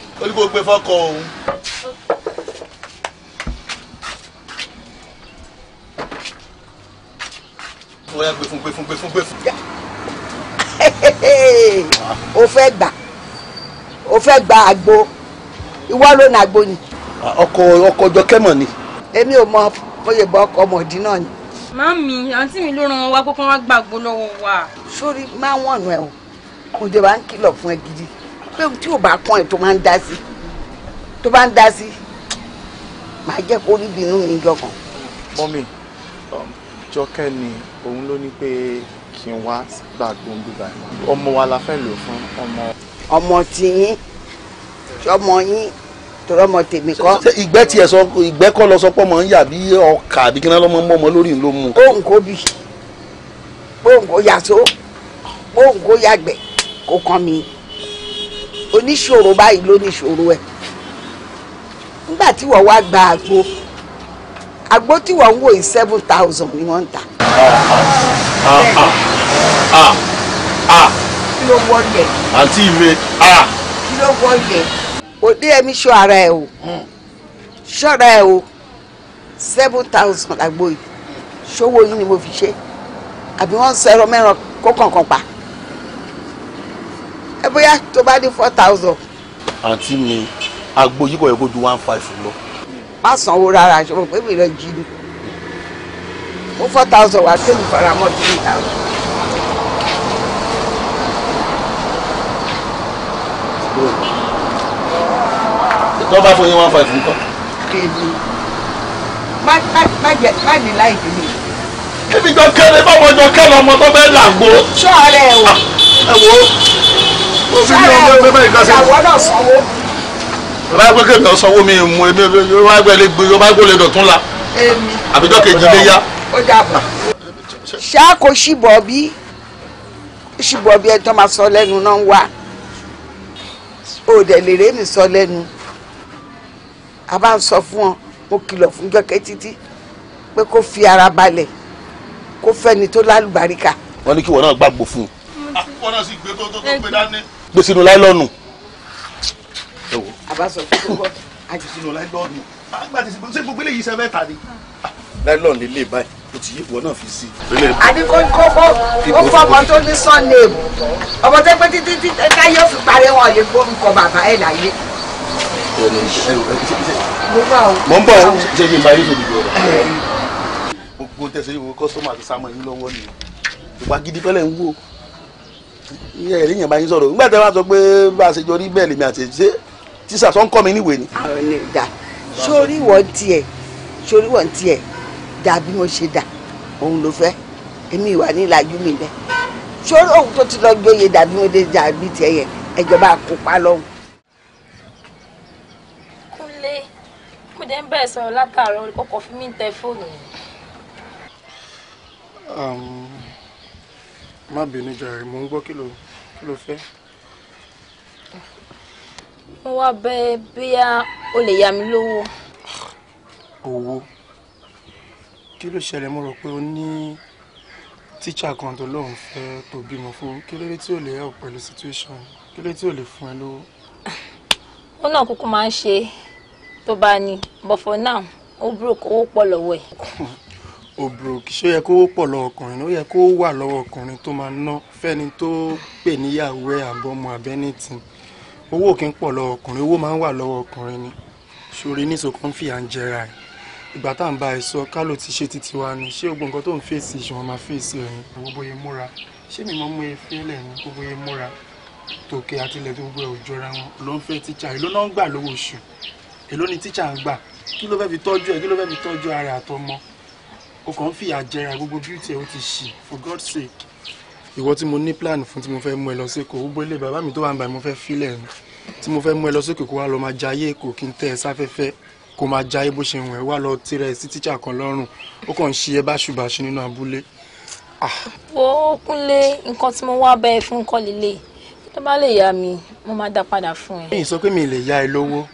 ó ní kó gbé fọ́kọ òun. wọ́n yá gbé fún gbé fún gbé fún gbé fún. o fẹ́ gbà o fẹ́ gba àgbo ìwọ ló na àgbo ni. ọkọ ọkọ jọkẹ́ mọ̀ ni. èmi ò mọ bóyá bọ ọkọ ọmọdé náà ni. Mami, àǹtí mi ló ràn wá kókó wá gbàgbó lọ́wọ́ wa. Sórí máa wọ̀nù ẹ̀ o, mo jẹ́ bá ń kìlọ̀ fún ẹ gidi pé tí ò bá pọ́n ẹ̀ tó máa ń dá sí tó bá ń dá sí màá jẹ́ kó rí bínú mi jọkàn. mọ́mì um, jọkẹ́ ni òun ló ní pé kí n wá gbàgbọ́n bíbá ẹ̀ ọmọ wa la fẹ́ lò fún ọmọ. ọmọ tiyín ọmọ yín tọrọ ọmọ tèmi kọ́. ìgbẹ́ tiẹ̀ sọ ìgbẹ́ kọ́ lọ sọ pé ọmọ ń yà bí ọkà àbí kíná lọ́mọ mọ́ ọmọ lórí ló mú. bóun kò bì bóun kò yàtọ̀ bóun kò yàgbẹ́ kàn mí oníṣòro báyìí ló níṣòro ẹ̀ nígbà tí wọ́n wá gba àgbo àgbo tí wọ́n ń wò yìí seven thousand ni wọ́n ń tà. Ah, ah, ah, kí ló wọ́n yẹ. àǹtí mi. kí ló wọ́n yẹ. òde ẹ̀mí ṣọ́ ara ẹ̀ o hmm. ṣọ́ra ẹ̀ o seven thousand àgbo yìí ṣòwò yìí ni mo fi ṣe àbí wọ́n ń sọ ẹ̀rọ mẹ́ràn kó kànkàn pa ẹ bóyá tó bá dé four thousand. àǹtí mi agbo yìí kò yẹ kó ju one five lọ. má sanwó rárá ṣòro pé mi lọ jí ni ó four thousand wà tẹ́lẹ̀ fara mọ́ three thousand. tó bá fún yín one five nǹkan. kéde má jẹ má ní láì dé mi. ibi jọ kẹ́lẹ́ báwo jọ kẹ́lẹ́ ọmọ tó fẹ́ làgbo. sọ́ọ̀rẹ́ o. Ah, ẹ wo òfin ni ọmọ ẹgbẹ́ bẹ́ẹ̀ kásẹ̀. ìyàwó náà sanwó. bá gbé kébì ọ̀sánwó mi mú èmi bá gbé lè gbé bá gbó lè dọ̀tún la. èmi àbíjọ́ kejì lè yá. ó dàbọ̀ ṣáà kò ṣìbọ̀ bí ṣìbọ̀ bí ẹjọ́ máa sọ lẹ́nu náà ń wà ó dẹ̀ lè ré mi sọ lẹ́nu a bá ń sọ fún ọ mo kìlọ̀ fún jọ́kẹ́ títí pé kó fi ara balẹ̀ kó fẹ́ni tó lálùbáríkà. wọ́n ní kí wọ́n náà gbàgbọ́ fún un. àkùkọ náà sì gbé tó tó tó gbé dání gbé sínú láìlọ́ọ̀nù. àbáṣọ fún bọ́ọ̀lù. a jù sínú láìlọ́ọ̀nù àgbà tí ṣe gbogbo eléyìí ṣe mẹ́ta ni. láìlọ́ọ̀nù lè lè báyìí o ti yé ìwọ náà fi sí i. àbí kò kó kó ó fọ ọmọ tó ní sọ́ọ̀nẹ́ẹ̀mù ọmọ tó pé títí tí káyé ó fi parí wọn lè gbórúkọ bàbá ẹ̀ láyé. mo ń bọ̀ ọ́ ṣe kí n bá yín tó dìbò rẹ̀. gbogbo tẹ̀sán yìí wo kọ́sọ́mù àti sámọ̀ yín lọ́wọ́ ni ìwà fẹ́lẹ̀ ń wò iye ẹ̀rí yẹn bá yín sọ̀rọ̀ nígbà tí wọ́n sọ pé bá a ṣe jọ rí bẹ́ẹ̀ lèmi àti ṣe tíṣà sọ ń kọ́ mi níwèé ni. sórí wọ́n tiẹ̀ sórí wọ́n tiẹ̀ dà bí mo ṣe dà òun ló fẹ́ èmi ìwà nílàjú mi bẹ́ẹ̀ sórí òun tó ti lọ gbóyè dà bí mo dé dà bí tiẹ̀ yẹn ẹ̀jọba àkópa lọ́hùn. kúnlé kúndé ń bẹ̀rẹ̀ sọ̀rọ̀ látàárọ̀ ọkọ̀ fún mi ń tẹ fóònù má bínú jàre mò ń gbọ́ kí ló kí ló fẹ́. mo wá bẹ bíyá o lè yá mi lówó. owó kí ló ṣẹlẹ̀ mo rò pé o ní tíṣà kan tó lóun fẹ́ tó bímọ fún kí ló dé tí ò lè help pẹ̀lú situation kí ló dé tí ò lè fún ẹ lówó. ó náà kúkú máa ń ṣe tó bá ní but for now ó broke owó pọ̀ lọ́wọ́ ẹ̀. òbòròkì ṣó yẹ kó pọ̀ lọ́wọ́ ọkùnrin ó yẹ kó wà lọ́wọ́ ọkùnrin tó máa ná fẹ́ni tó pè níyàwó ẹ̀ àbọ̀mọ abẹ́nìtì owó kì í pọ̀ lọ́wọ́ ọkùnrin owó máa ń wà lọ́wọ́ ọkùnrin ni ṣòrí ní sọkàn fìyà ń jẹra ẹ̀ ìgbà tá à ń bá ẹ sọ kálò ti ṣe títí wa ni ṣé gbogbo nǹkan tó ń fèsì ṣùgbọ́n máa fèsì ẹ̀ ní gbogbo yẹn múra ṣé mi máa mú efe lẹ̀ ní gbogbo yẹn múra tòkè àtìlẹ̀ tó gbogbo ẹ̀ ò jọra wọn ló ń fẹ́ tíṣà èló náà ń gbà lówó oṣù èló ni tíṣà ń gbà kí ló fẹ́ fi tọ́jú ẹ̀ kí ló fẹ́ fi tọ́jú ara àtọmọ o kàn ń fìyà jẹra gbogbo beauty ẹ o ti ṣì for God's sake. ìwọ tí mo ní plan fún tí mo fẹ́ mú ẹ lọ sẹ́kọ̀ ó gbélé bàbá mi tó wà ń bá mi mo fẹ́ filẹ̀ ni tí mo fẹ́ mú ẹ lọ sókè kó wá lọ máa jayé èkó kí n tẹ́ ẹ sáfẹ́fẹ́ kó máa jayé bó ṣe wọ̀n ẹ́ wá lọ tirẹ̀ sí tíṣà kan lọ́rùn ó kàn ń ṣe ẹ báṣubàṣu nínú abúlé. ó ah. kúnlé nǹkan tí mo wá bẹ́ẹ̀ fún kọ́ lílé tó bá lè yá mi mo máa dá padà fún ẹ. mi ì sọ pé mi lè yá ẹ lówó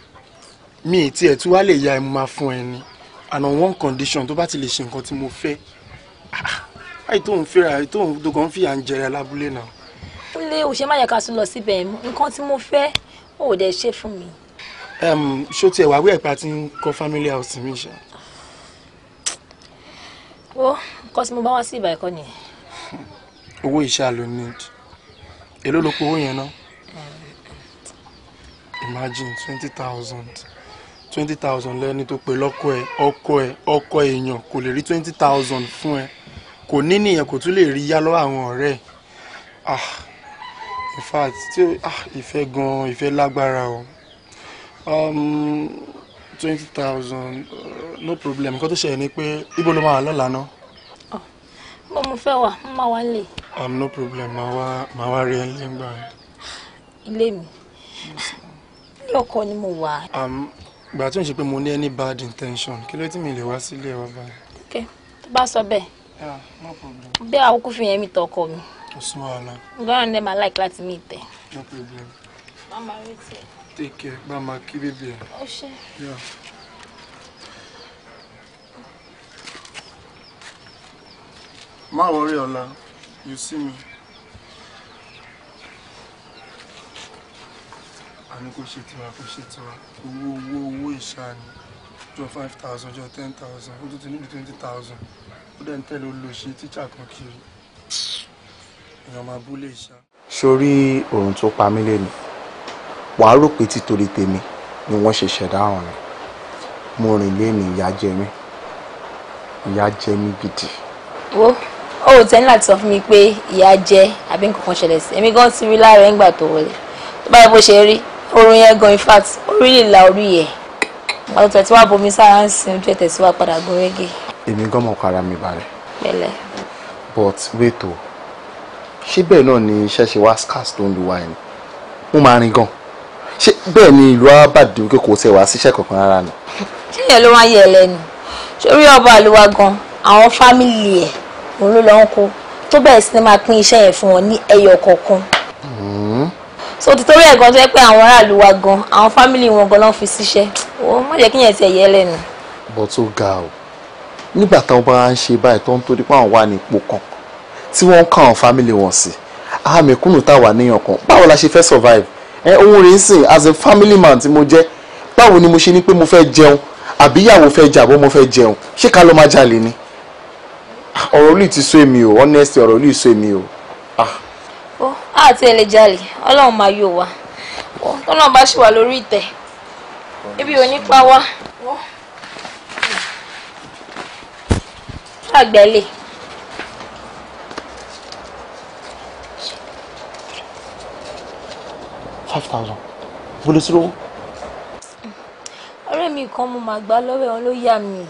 mi ì tiẹ̀ tí wàá lè yá ẹ mo máa fún ẹ ni and on one condition tó bá ti lè ṣe nǹkan tí mo fẹ́ báyìí ah, tó ń fẹ́ra tó ń tó kàn fìyà ń jẹrẹ lábúlé náà. ó lé òṣè má yẹ ká tún lọ síbẹ̀ nǹkan tí mo fẹ́ ò dẹ̀ ṣe fún mi. ṣó tiẹ̀ wàá wí ẹ̀pá tí ń kọ́ family house mi ṣá. wo nǹkan tí mo bá wá sí ìbà ẹ̀kọ́ nìyẹn. owó iṣẹ́ ló ní èló ló pọ̀ owó yẹn náà imagine twenty thousand twenty thousand lẹ́ni tó pe lọ́kọ ẹ ọkọ ẹ ọkọ èèyàn kò lè rí twenty thousand fún ẹ kò ní nìyẹn kò tún lè rí yá lọ́wọ́ àwọn ọ̀rẹ́ ẹ ah in fact tí ah ìfẹ́ gan-an ìfẹ́ lágbára o um twenty thousand uh, no problem nǹkan tó ṣẹlẹ̀ ni pé ibo ló máa wà lọ́la náà. Oh, bó mo fẹ́ wà mo máa wá lè. um no problem màá wá màá wá rí ẹ lẹ́gbàá. ilé mi ilé ọkọ ni mo wà. um gbà tí ò ń ṣe pé mo ní any bad intention kí ló tí mi lè wá sílé wa báyìí. ok tó bá sọ bẹ́ẹ̀. yeah no problem. bí àwòkù fi yẹn mi tọ ọkọ mi. kò sí wàhálà. gbọ́dọ̀ ní ẹ máa like láti mí tẹ. no problem. má máa retí take care bá a máa kí bébí ẹ. yeah. má wọrí ọ̀la you see me. àní kò ṣe tiwa kò ṣe tiwa owó owó owó ìṣáni jọ five thousand jọ ten thousand ó tún ti níbi twenty thousand ó dẹ̀ ń tẹ̀lé olóṣè tíṣà kan kiri èèyàn máa bú lè ṣá. sórí ohun tó pa mí lẹ́nu wàá rò pé títorí tèmi ni wọ́n ṣe ṣẹ̀dá ọ̀run mo rìn lẹ́nu ìyá jẹ ìyá jẹ gidi. wo ó ò tẹ́ni láti sọ fún mi pé ìyá jẹ àbí nǹkan kan ṣẹlẹ̀ sí èmi gan ti rí láàárọ̀ ẹ̀ ń gbà tó wọlé tó bó ṣe rí orun yẹn gan in fact orí lè la orí yẹ àwọn tẹ̀tí wà bomi sára ń sin ojú ẹ̀tẹ̀ sí wa padà gun régé. èmi gan kára mi balẹ̀. bẹ́lẹ̀. but wait o ṣé bẹ́ẹ̀ náà ni iṣẹ́ ṣe wá scars tó ń lu wa ẹ̀ ni mo máa rin gan ṣé bẹ́ẹ̀ ni ìlú abàdé òkè kò tẹ̀ wá síṣẹ́ kankan rárá ni. ṣé yẹn ló wá yẹ ẹ lẹ́nu sórí ọba àlùwà gan àwọn fámìlì ẹ̀ òun ló lọ́ ń kó tó bẹ̀rẹ̀ sí pín iṣẹ́ yẹn fún wọn ní ẹyọ kọ̀ọ̀kan. Hmm so títorí ẹ̀ gan tó yẹ pé àwọn aráàlú wa gan àwọn fámìlì wọn gan ló ń fi síṣẹ́ ó má jẹ́ kíyàn ti ẹ̀yẹ lẹ́nu. bó tó ga o nígbà táwọn bá ń ṣe báyìí tó ń torí pé àwọn wà ní ipò kan tí wọ́n ń ká àwọn fámìlì wọn sí àmì kùnú táwa níyàn kan báwo la ṣe fẹ́ survive ẹ ohun rẹ̀ ń sìn as a family man tí mo jẹ́ báwo ni mo ṣe ní pé mo fẹ́ jẹun àbíyàwó fẹ́ jà mo fẹ́ jẹun ṣé ká ló máa jalè ni ah, ọ̀rọ̀ olú ti sú èmi o honestly ọ̀rọ̀ olú ti sú èmi o ah àti ẹlẹ́jàlè ọlọ́run máa yọ wá tọ́lọ́run bá ṣì wà lórí ìtẹ́ ibi ò ní pa wá. ṣàgbẹ́lẹ̀. five thousand bolo sí lówó. ọ̀rẹ́ mi kan mo máa gbá lọ́wọ́ ẹ̀ wọn ló yà mí.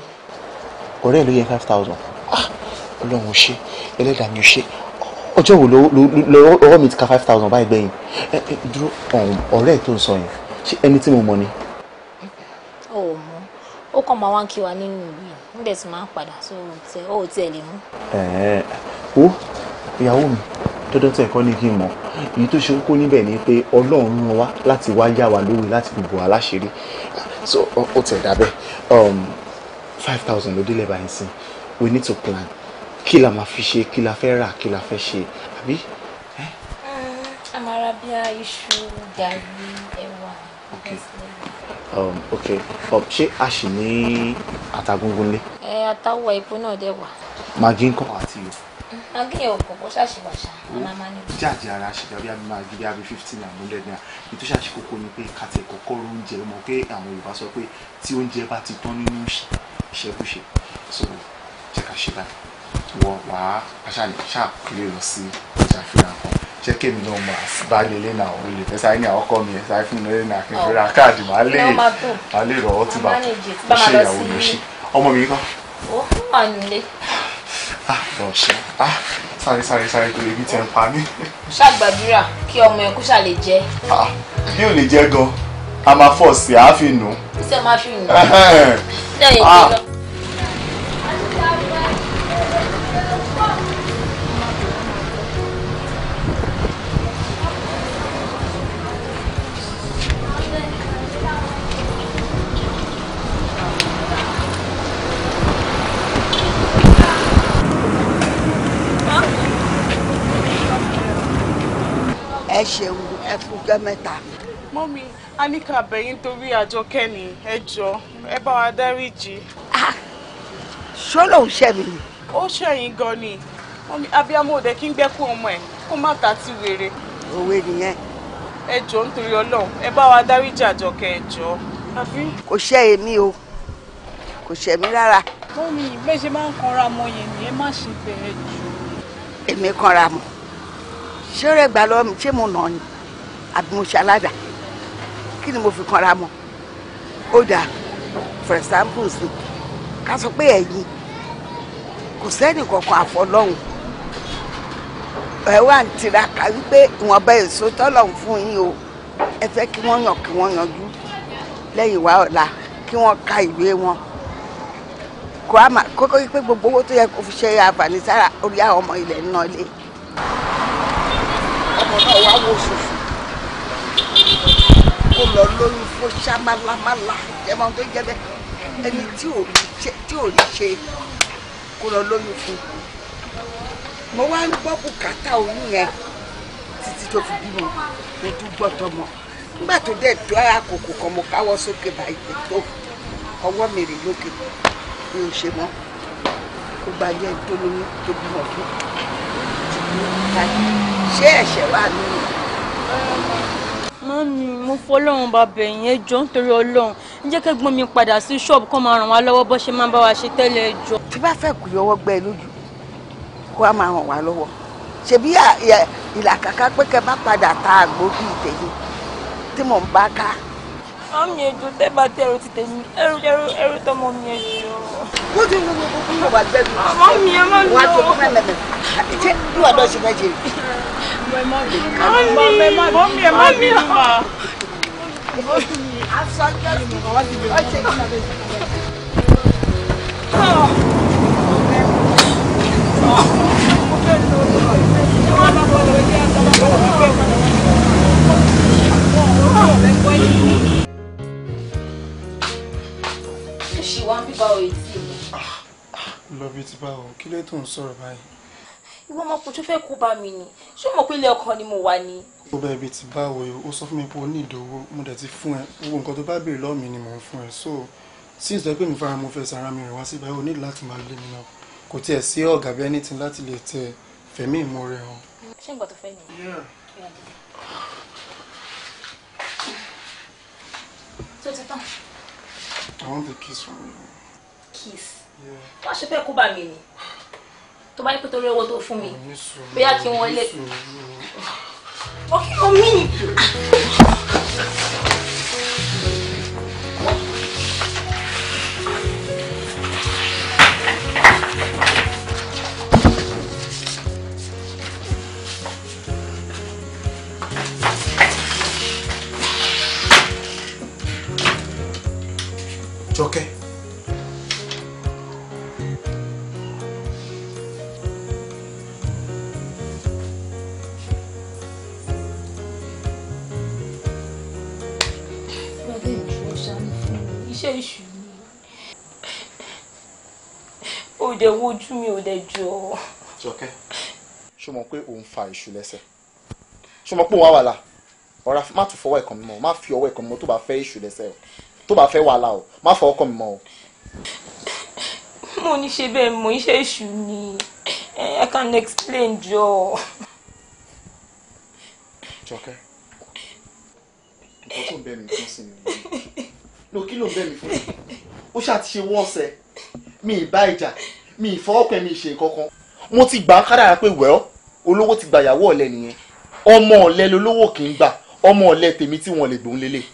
ọ̀rẹ́ ẹ̀ ló yẹ five thousand ah, ọlọ́run ò ṣe ẹlẹ́dàá mi ò ṣe ọjọ́ wo lọ ọwọ́ mi ti ka five thousand báyìí gbẹ̀yìn dúró ọ̀rẹ́ ẹ̀ tó ń sọ yẹn ṣé ẹni tí mo mọ̀ ni. ó mọ ó kàn máa wá ń kí wa nínú ìwé níbẹ̀ tí máa ń padà sí òòtẹ́ òòtẹ́ lè mú. ó ìyàwó mi dọ́dọ́ tẹ̀ kọ́ ní kí n mọ̀ èyí tó ṣe kókó níbẹ̀ ni pé ọlọ́run rán wa láti wá yá wa lórí láti fi bò so ó tẹ̀ dábẹ́ um, five thousand ló délẹ̀ báyìí sí we need to plan kí la máa fi ṣe kí la fẹ́ rà kí la fẹ́ ṣe àbí. a máa ra bíi iṣu gàrí ẹ̀wà ok um, um, ṣé a sì ní àtagúngún lé. ẹ eh, àtàwọ̀ epo náà dẹ̀ wà. magi ń kọ́ àti o. Mm, magi yẹn ò kọ̀kọ́ ṣàṣìwàṣà àmà máa ní. jáde ara ṣe dàbí àbí magi bí àbí fifteen and hundred naira ètò ṣàṣìkókó ni pé kàtẹ́ kọ́kọ́ oúnjẹ mọ̀ pé àwọn Yorùbá sọ pé tí oúnjẹ bá ti tán nínú ìṣẹ́kùṣe so jẹ́ ká ṣe báyìí wọ wàá aṣáàlì ṣáàkúlé lọ sí ọjà fìlà kan ṣé kémi náà máa bá lè lé náà olè fẹ́ sáré ní àwọn ọkọ mi ẹ̀ sáré fún mi lórí náà kí n fi ra káàdì máa lè máa lè rọ̀ ọ́ bá tó ṣe ìyàwó ló ṣe ọmọ mi kọ́. ó wà nílé. ah lọ ṣe ah sáré sáré sáré tó ebi tẹ ń pa mí. ṣàgbàdúrà kí ọmọ ẹ kó ṣàlè jẹ. bí ò lè jẹ gan a máa fọ̀ sí àáfin nù. iṣẹ́ máa fi nù. lẹ́yìn ìgbẹ́ náà. ẹ ṣeun ẹ fúnkẹ́ mẹ́ta. mọ́mi a ní ká bẹ̀yìn torí àjọkẹ́ ni ẹ jọ ẹ bá wa dáríjì. Ah, ṣọlọ ń ṣẹ mi ni. ó ṣẹyìn gan ni mọ́mi abiyamọ òde kí n gbẹ́kú ọmọ ẹ̀ kó má ta ti wèrè. òwe nìyẹn. ẹ jọ nítorí Ọlọ́run ẹ bá wa dáríjì àjọkẹ́ ẹ jọ. kò ṣe èmi o kò ṣe mí rárá. mọ́mi ìbẹ́ṣe máa ń kanra mọ yẹn ni ẹ má ṣe bẹ̀rẹ̀ jù. èmi kanra mọ́ ṣé rẹ̀ gbà lọ́wọ́ mi ṣé mo nà ni àbí mo ṣaláda kí ni mo fi kanra mọ́ ó dà for example sí ká sọ pé ẹ̀yin kò sẹ́ni kankan àfọlọ́hún ẹ wá ń tiraka wípé ìwọ̀nba èso tọ́lọ́hún fún yín o ẹ fẹ́ kí wọ́n yàn kí wọ́n yanjú lẹ́yìn wá ọ̀la kí wọ́n ka ìwé wọn kó a máa kókó wípé gbogbo owó tó yẹ kó fi ṣe àǹfààní sára orí àwọn ọmọ ilẹ̀ náà lé ọmọ náà wá wo fùfù kó lọ lóyún fún ṣámálámálá ẹmọ tó jẹ bẹ ẹni tí ò rí ṣe kó lọ lóyún fún mo wá ń gbọ́ bùkátà oyún yẹn títí tó fi bímọ mo tún gbọ́ tọmọ nígbà tó dẹ̀ tó àkókò kan mo káwọ́ sókè báyìí tó ọwọ́ mi rè lókè mi ò ṣe mọ́ ó gba ayé tó lóyún tó bímọ fún ti ṣé ẹ̀ṣẹ̀ wà lóyún. mọ́mí mo fọlọ́run bàbá ẹ̀yìn ẹjọ́ nítorí ọlọ́run ń jẹ́ kẹ́gbọ́n mi padà sí ṣọ́ọ̀bù kó máa ràn wá lọ́wọ́ bó ṣe máa ń bá wa ṣe tẹ́lẹ̀ ẹjọ́. tí bá fẹ́ kù yọwọ́ gbẹ lójú kó a máa ràn wá lọ́wọ́ ṣebí ìlàkàkà pé kẹ́ bá padà ta àgbo bíi tèmi tí mò ń bá ká. Mami ẹjọ́ tẹ́ bá tẹ ẹrù ti tèmi ẹrù ẹrù ẹrù tọmọ mi ẹjọ́. Wọ́n ti mú mi kúkú mọ̀ wá gbẹ́nu. Ọmọ mi ẹ má lọ. Wọ́n á tó fún ẹ̀mẹ̀mẹ̀. Ṣé bí wàá dọ̀sí bẹ́ẹ̀ jẹ? Mọ̀mí mọ̀mí ẹ má mi wá. Thank you. ṣì wá ń bíbá o ètí mi. lọ bí ti bá o kí ló tó ń sọ̀rọ̀ báyìí. ìwọ ọmọ kò tó fẹ́ kó bá mi ni ṣé o mọ̀ pé ilé ọkàn ni mo wà ni. ó bẹ ibi tí bá o ó sọ fún mi pé o ní ìdòwò mo dẹ̀ ti fún ẹ gbogbo nǹkan tó bá béèrè lọ́ọ̀ mi ni mò ń fún ẹ so since tó pé mi fara mo fẹ́ sara mi rìn wá síbẹ̀ o ní láti máa lé mi náà kò tiẹ̀ sí ọ̀gá bí ẹni tí láti lè tẹ fẹ̀mí ìmúre hàn. ṣé ìgbà tó fẹ́ nìyẹn. tó ti tán. I want a kiss from you. Kiss? Yeah. Wọ́n ṣe fẹ́ kú bá mi ni. Tó bá yẹ pé torí owó tó fún mi. Oh, bóyá kí wọ́n lé. Ó kí wọ́n ojú mi ò dẹ̀ jù ọ́. jọkẹ́ ṣó mọ̀ pé òun fa ìṣù lẹ́sẹ̀ ṣó mọ̀ pé òun wá wàhálà ọ̀rá má tún fọwọ́ ẹ̀kan mi mọ́ má fi ọwọ́ ẹ̀kan mi mọ́ tó bá fẹ́ ìṣù lẹ́sẹ̀ o tó bá fẹ́ wàhálà o má fọwọ́ kan mi mọ́ o. mo ní ṣe bẹ́ẹ̀ mo ń ṣe ìṣù ni I can explain jọ. jọkẹ́ nǹkan tó ń bẹ mi fún sí mi ló kí ló ń bẹ mi fún mi ó ṣáà ti ṣe wọ́n ọ̀sẹ̀ mi ì bá ìjà mi ìfọwọ́pẹ́ mi ṣe kankan mo ti gbà ń kádàrá pé wẹ́ọ́ olówó ti gba ìyàwó ọ̀lẹ nìyẹn ọmọ ọ̀lẹ lolówó kì í gbà ọmọ ọ̀lẹ tèmi tí wọ́n lè gbóhùn lélẹ̀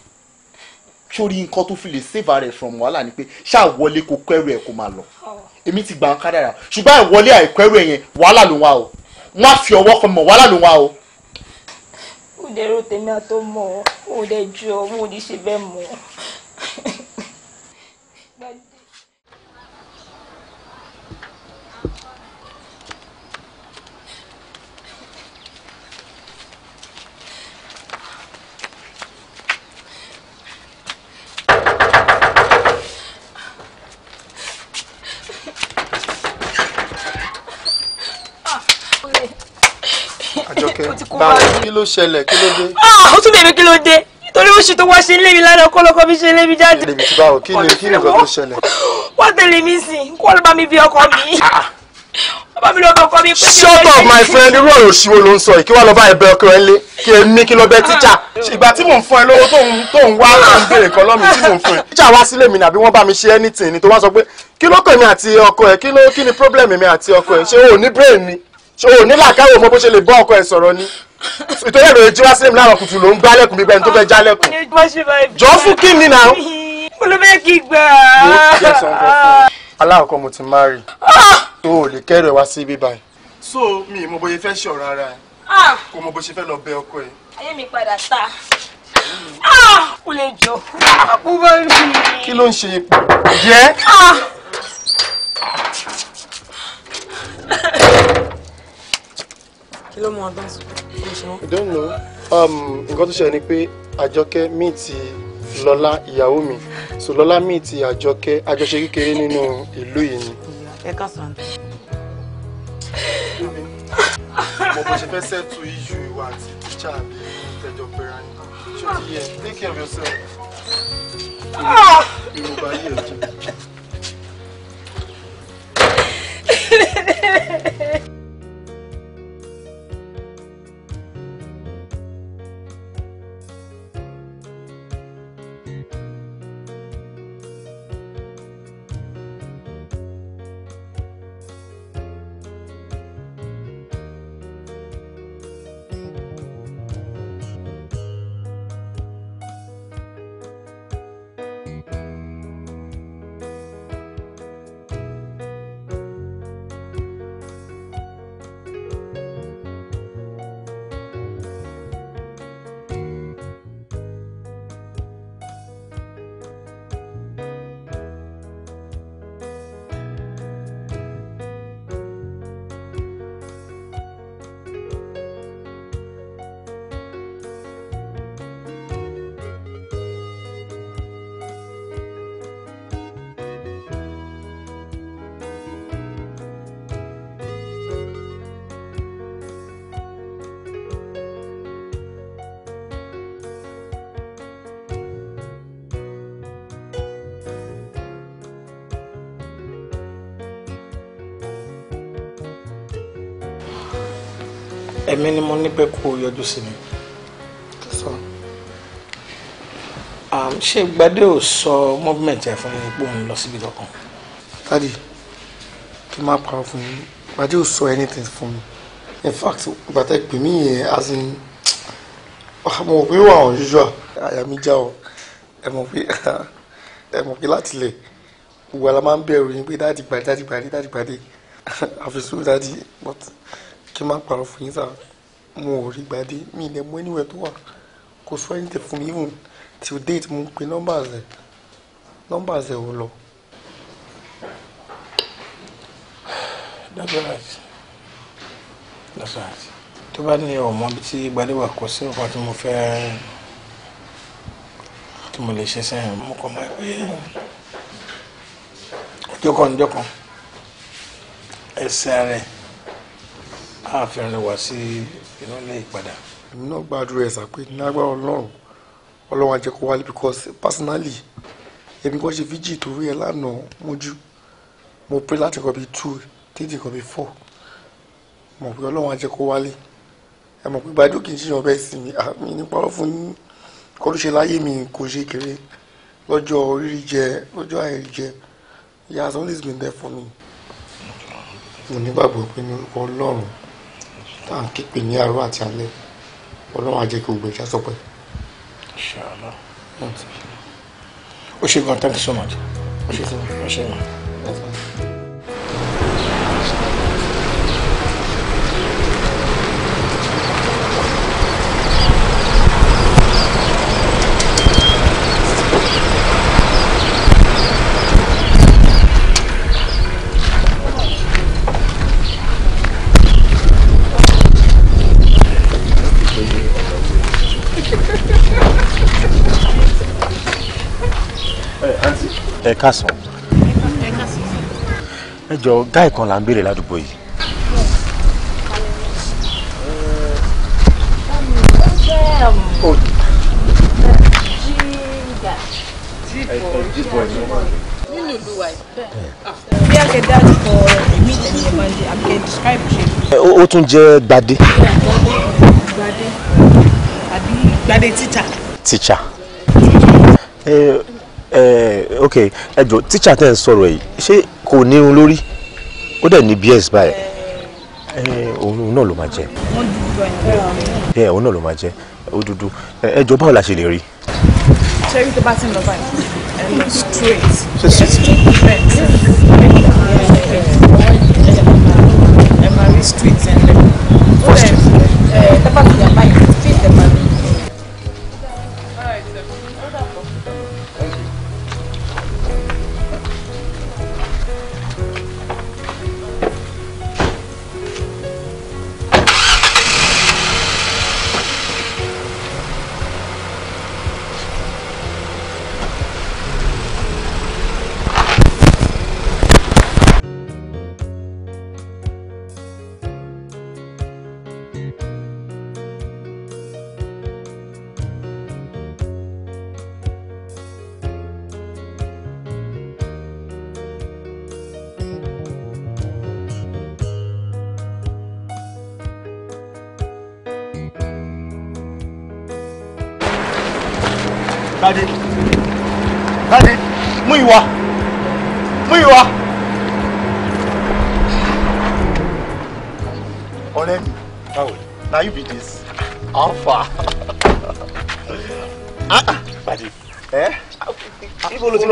sórí nǹkan tó fi lè save rẹ̀ from wàhálà ni pé ṣáà wọlé kó kẹ́rù ẹ̀ kó máa lọ èmi ti gbà ń kádàrá ṣùgbọ́n àìwọlé àìkẹ́rù ẹ̀ yẹn wàhálà ló wà o wọ́n á fi ọwọ́ kan mọ̀ wàhálà ló wà o. ó dẹrù tèmi àtọmọ ó dẹ ju ọmọ òdìṣẹ bẹ́ẹ̀ mọ Àbíkẹ́ báwo kí ló ṣẹlẹ̀ kí ló dé. Ah, ó tún bèbè kí ló dé torí oṣù tó wá ṣe ń lé mi lánàá kọ́ lọ́kọ́ mi ṣe ń lé mi jáde. èmi ti báwo kí ni kí ni nǹkan tó ṣẹlẹ̀. wọ́n tẹ̀lé mi sìn kó ló bá mi bí ọkọ mi. bàbá ah, ah, mi ló bẹ ọkọ mi pé. shut up my friend irú ọ̀rọ̀ òṣìwò ló ń sọ yìí kí wàá lọ bá ẹ bẹ ọkọ ẹ lé kí ẹ ní kí lọ bẹ tíjà. ìgbà tí mò ń fún ẹ lówó tó ń wá ń béèrè kan lọ́mì tí mò ń fún ẹ. tíjà wá sílé mi nàbí wọ́n bá mi ṣe anything ni tó wá sọ pé kí ló kàn mí àti ọkọ ẹ kí ló kí ni problem mi àti ọkọ ẹ ṣé o ò ní brain ni ṣé o ní làákàwọ̀ mọ bó ṣe lè bọ́ ọkọ ẹ̀ sọ̀rọ̀ ni ìtòlẹ́ ìròyìn jí wá sílẹ̀ mi láàárọ̀ kùtù ló ń gbálẹ̀kùn bíbẹ́ tó fẹ́ jálẹ̀kùn jọ fún kí ni náà. olùbẹ́ kì í gbà á. aláàkọ́ mo ti máa rí tó o lè kẹ́rù ẹ̀ wá sí ibi báyìí. so mi mo bóyá fẹ́ ṣọ̀rọ̀ ara ẹ̀ ah! kò mo bó ṣe fẹ́ lọ bẹ ọkọ ẹ̀. ayé mi padà ta ah! o lè jọ kó bá rí i. kí ló ń ṣe ipò jẹ́. Ah! kí ló mú ọ dán sùn kí ló ṣe wọn. I don't know um, nǹkan tó ṣẹlẹ̀ ni pé àjọkẹ́ mi ti lọ́lá ìyàwó mi so lọ́lá mi ti àjọkẹ́ àjọṣe kékeré nínú ìlú yìí ni. ẹ ká sàn. mo bó ṣe fẹ́ sẹ́tù iṣu ìwà àti tíṣà àbí ìtẹ̀jọ pera ni take care of yourself. yorùbá yìí ẹ̀ jẹ́. èmi ni mo ní pé kó o yọjú sí mi sọ um, ṣé gbadé ò sọ movement ẹ fún yín pé òun lọ síbi kankan. dadi kí n máa pa fún yín gbadé ò sọ anything fún mi in fact gbàtẹ́ pè mí yẹn as in ah, mo rò pé wà unusual àyà mi já o ẹ mọ̀ pé ẹ mọ̀ pé láti lè gbogbo àlá máa ń bẹ̀rù yín pé dáàdì gbàdé dáàdì gbàdé dáàdì gbàdé àfi sùn dáàdì but kí n má parọ́ fún yín sá mo ò rí gbadé mi ilẹ̀ mú anywhere tó wà kò sọ ẹni tẹ̀ fún mi even till date mo ń pe numbers ẹ̀ numbers ẹ̀ ò lọ. that's right that's right tó bá ní ọmọ bíi tí gbadé wà sí nǹkan tí mo fẹ́ tí mo lè ṣe sẹ́yìn mo kọ́ máa pé ọjọ́ kan ọjọ́ kan ẹsẹ̀ rẹ̀ á sí iná ní ìpadà. èmi náà gbàdúrà ẹ̀ sàpé ní agbára ọlọ́run ọlọ́run á wálé because personally èmi kò ṣe fíjì torí ẹ lánàá mójú mo pray láti kọ́ bíi two títí kọ́ bíi four mo pé ọlọ́run á wálé ẹ mọ̀ pé gbàdúrà kì í ṣe ọbẹ̀ sí mi àmì nípa ọ̀rọ̀ fún kọ́ láyé mi kò ṣe kéré lọ́jọ́ rírí jẹ lọ́jọ́ àìrí jẹ he has always been there for me mo nígbàgbọ́ pé ní orúkọ ọlọ́run tá à ń képe ní àárọ̀ àti alẹ́ ọlọ́run á jẹ́ kí gbogbo ìjà sọpẹ́. Inshallah. ó ṣe gan thank you so much. ó ṣe gan ó ṣe gan. ẹ káàsán. ẹ jọ gáì kan là ń béèrè ládùúgbò yìí. nínú ìlú wa yìí bí a kẹ dájú kọ èmi tẹ̀lé ẹ̀ máa ń jẹ àbíkẹ́ describe ṣe. ó tún jẹ́ gbadé. gbadé àbí ok ẹ jọ tíṣà tẹ́ ń sọ̀rọ̀ yìí ṣé kò nírun lórí ó dẹ̀ ní bs báyìí eh, eh, eh, òun náà ló máa jẹ ẹ òun náà ló máa jẹ ó dúdú ẹ jọ báwo la ṣe lè rí. ṣé rí tó bá ti ń lọ báyìí ẹ lọ straight ẹ straight defense.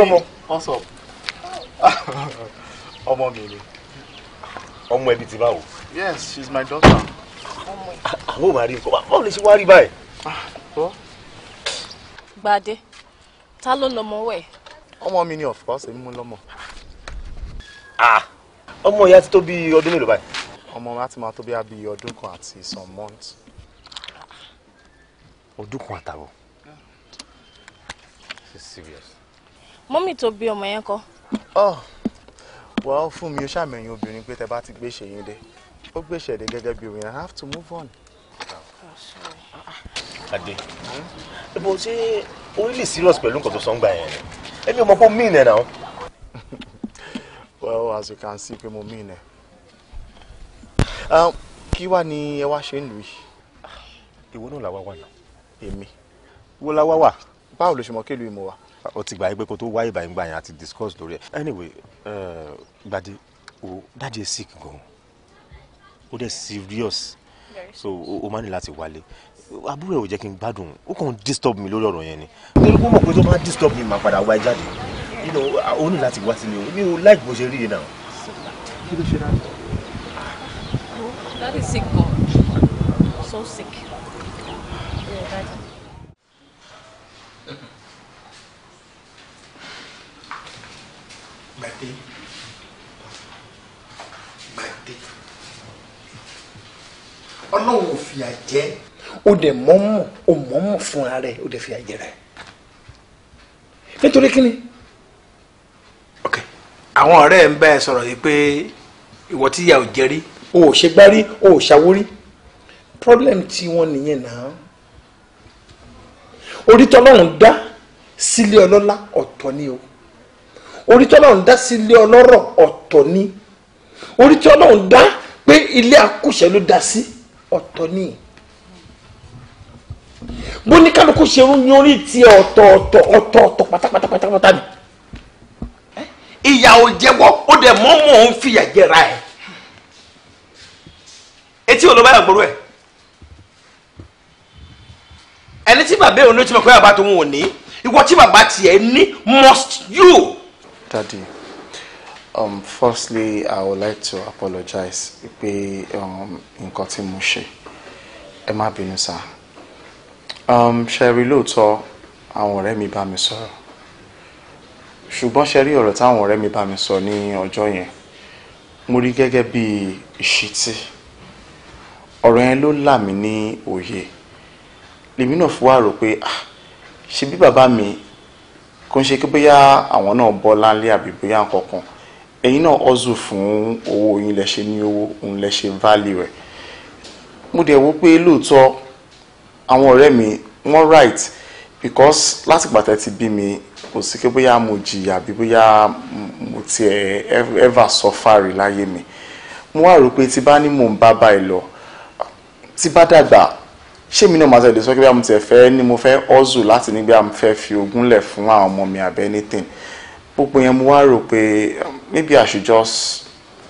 ọmọ what's up ọmọ mi ni ọmọ ẹbí ti báwo. yes she is my daughter. àwọn ò máa rí nǹkan báwo lè ṣe wá rí báyìí. gbàdé ta ló lọmọ wẹ. ọmọ mi ni of course èmi mú lọmọ. ọmọ ìyá ti tó bí ọdún mélòó báyìí. ọmọ wa ti máa tó bí abí ọdún kan àti some months. ọdún kan àtàwọn. this is serious mọ́mì tó bí ọmọ yẹn kọ́. ọ wà á fún mi ó ṣàmẹ̀yìn obìnrin pé tẹ bá ti gbé ṣèyí dé ó gbé ṣẹ̀dẹ̀ gẹ́gẹ́ bí obìnrin i have to move on. adé ibo ṣé orí lè serious pẹ̀lú nǹkan tó sọ ń gbà yẹn ẹbí ọmọ pọ́ mí nẹ̀ náà. well as you can see pé mo mí nẹ̀ um, kí wàá ní ẹ wá ṣe ń lù yìí. ìwọ náà làwa wà náà. èmi wo la wà báwo ló ṣe mọ kí ìlú ìmọ̀ wa ó ti gbà yín kó tó wá ìgbà gbà yín àti discuss lórí ẹ̀ anyway eh, gbadé o dájú ẹ sick gan ó dẹ̀ serious so o máa ní láti wálé àbúrò ẹ ò jẹ́ kí n gbádùn ó kàn disturb mi lórí ọ̀rọ̀ yẹn ni nítorí pé mo mọ̀ pé tó bá disturb mi máa padà wá jáde o ní láti wá sílé o mi ò like bó ṣe rí yẹn náà. kí ló ṣe náà. that is sick gan so sick. gbadé gbadé ọlọ́run ò fìyà jẹ́ o dẹ̀ mọ́mọ́ o mọ́mọ́ fúnra rẹ̀ o dẹ̀ fìyà jẹ rẹ̀ nítorí kíni ok àwọn ọ̀rẹ́ ń bá ẹ sọ̀rọ̀ yìí pé ìwọ tí ìyà ò jẹ rí o ò ṣe gbárí o ò ṣàwórí problem tí wọ́n nìyẹn náà orí tọ́lọ́run dá sílé ọlọ́lá ọ̀tọ̀ ni o orí tí ọlọ́run dá sí ilé ọlọ́rọ̀ ọ̀tọ̀ ni orí tí ọlọ́run dá pé ilé akúṣẹ̀ ló dá sí ọ̀tọ̀ ni bó ní kálukú ṣe ń yan orí ti ọ̀tọ̀ọ̀tọ̀ ọ̀tọ̀ọ̀tọ̀ pátápátápátá ni ìyà ò jẹ́wọ́ ó dẹ̀ mọ́mọ́ ń fìyà jẹra ẹ̀ etí olóbá yà gbòòrò ẹ̀ ẹni tí bàbá òun ló ti mọ̀ pé bàbá tó ń wò ní ìwọ tí bàbá tiẹ̀ ní must you. Daddy, um, firstly, I would like to apologize pé um, nǹkan tí mo Emma Ẹ má Sherry sá. Um, ṣe rí àwọn ọ̀rẹ́ mi bá mi sọ̀rọ̀. Ṣùgbọ́n ṣe rí ọ̀rọ̀ táwọn ọ̀rẹ́ mi bá mi sọ ní ọjọ́ yẹn. Mo rí gẹ́gẹ́ bí ìṣítí. Ọ̀rọ̀ yẹn ló là mí ní òye. Lèmi náà fi wá rò pé ah, ṣebí bàbá mi kò ń ṣe pé bóyá àwọn náà bọ́ láńlé àbí bóyá nǹkan ẹ̀yin náà hustle fún owó yín lẹ ní owó òun lẹ value ẹ̀ mo dẹ̀ wò pé lóòótọ́ àwọn ọ̀rẹ́ mi wọ́n right because látìgbà tẹ́ ti bí mi kò sí pé bóyá mo jìyà àbí bóyá mo tiẹ̀ ever suffer rí láyé mi mo wá rò pé tí bá ní mò ń bá báyìí lọ tí bá dàgbà ṣé mi náà máa tẹ̀lé sọ pé bí àwọn tiẹ̀ fẹ́ ni mo fẹ́ ọ́zù láti ní bí àwọn fẹ́ fi ogún lẹ̀ fún àwọn ọmọ mi àbẹ́ anything gbogbo yẹn mo wá rò pé um, maybe I should just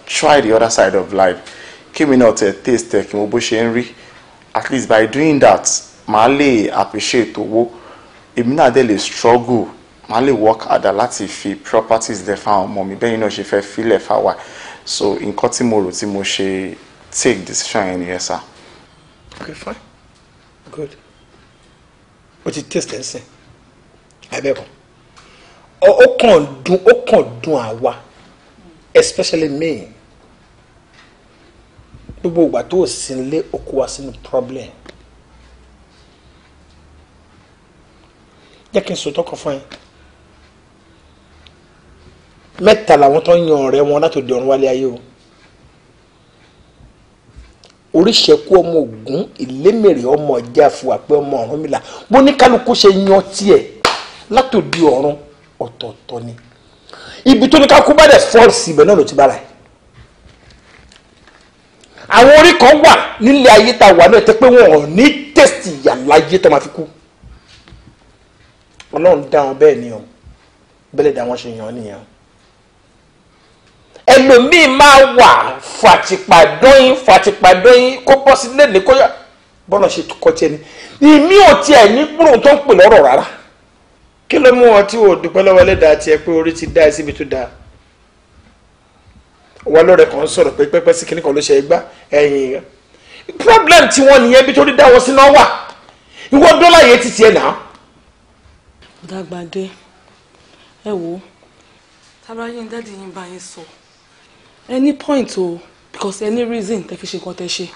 try the other side of life kí mi náà tẹ̀ taste ẹ̀ kí mo bó ṣe ń rí at least by doing that màá lè appreciate owó èmi náà dẹ̀ lè struggle màá lè work harder láti fi properties lẹ̀ fáwọn ọmọ mi bẹ́ẹ̀ ni náà ṣe fẹ́ filẹ̀ fáwa so nǹkan tí mo rò tí mo ṣe take decision yẹn nìyẹn sá. okay fine good but it taste ẹ̀ sìn àbẹ̀kọ ó kàn dùn ó do dùn àwa especially me gbogbo ìgbà tó o sì ń lé problem jẹ́ kí n sòtọ́ kan fún yín mẹ́ta làwọn tó yan ọ̀rẹ́ wọn láti òde ọ̀run wálé ayé o oríṣẹ́kú ọmọ Ògún ìlémèrè ọmọ ọjà fúwàpẹ́ ọmọ Ọ̀rúnmìlà bó ní kálukú ṣe yan tiẹ̀ látòdì ọ̀run ọ̀tọ̀ọ̀tọ̀ ni ibi tó ní ká kú bá dẹ̀ fọ́ọ̀sì ibẹ̀ náà ló ti bára ẹ̀ àwọn orí kan wà nílé ayé tá a wà náà tẹ́ pé wọn ò ní tẹ̀sì yàrá ayé tó máa fi kú ọlọ́run dá wọn bẹ́ẹ̀ ni ọ bẹ́lẹ̀ dá wọn ṣe yàn nìyẹn ẹlòmíì máa wà fàtìpàdóyìn fàtìpàdóyìn kó bọ́ sí lẹ́nu kó yà bọ́lá ṣe kọ́ tiẹ̀ ni ìmí ò tiẹ̀ ní gbúròó tó ń pè lọ́rọ̀ rárá. kí ló mú wọn tí ò dúpẹ́ lọ́wọ́ lẹ́dàá tiẹ̀ pé orí ti dá ẹ síbi tó dáa wọn lọ́rẹ̀ kan sọ̀rọ̀ pé pẹ́pẹ́ sí kíníkan ló ṣe é gbá ẹ̀yìn problem tí wọ́n nìyẹn bí tó dá wọn síná wà ìwọ dọ́là yẹn ti tiẹ̀ náà. dàgbàdé ẹ wo tábàáyé ń dádì any point o because any reason tẹ fi ṣe nǹkan tẹ ṣe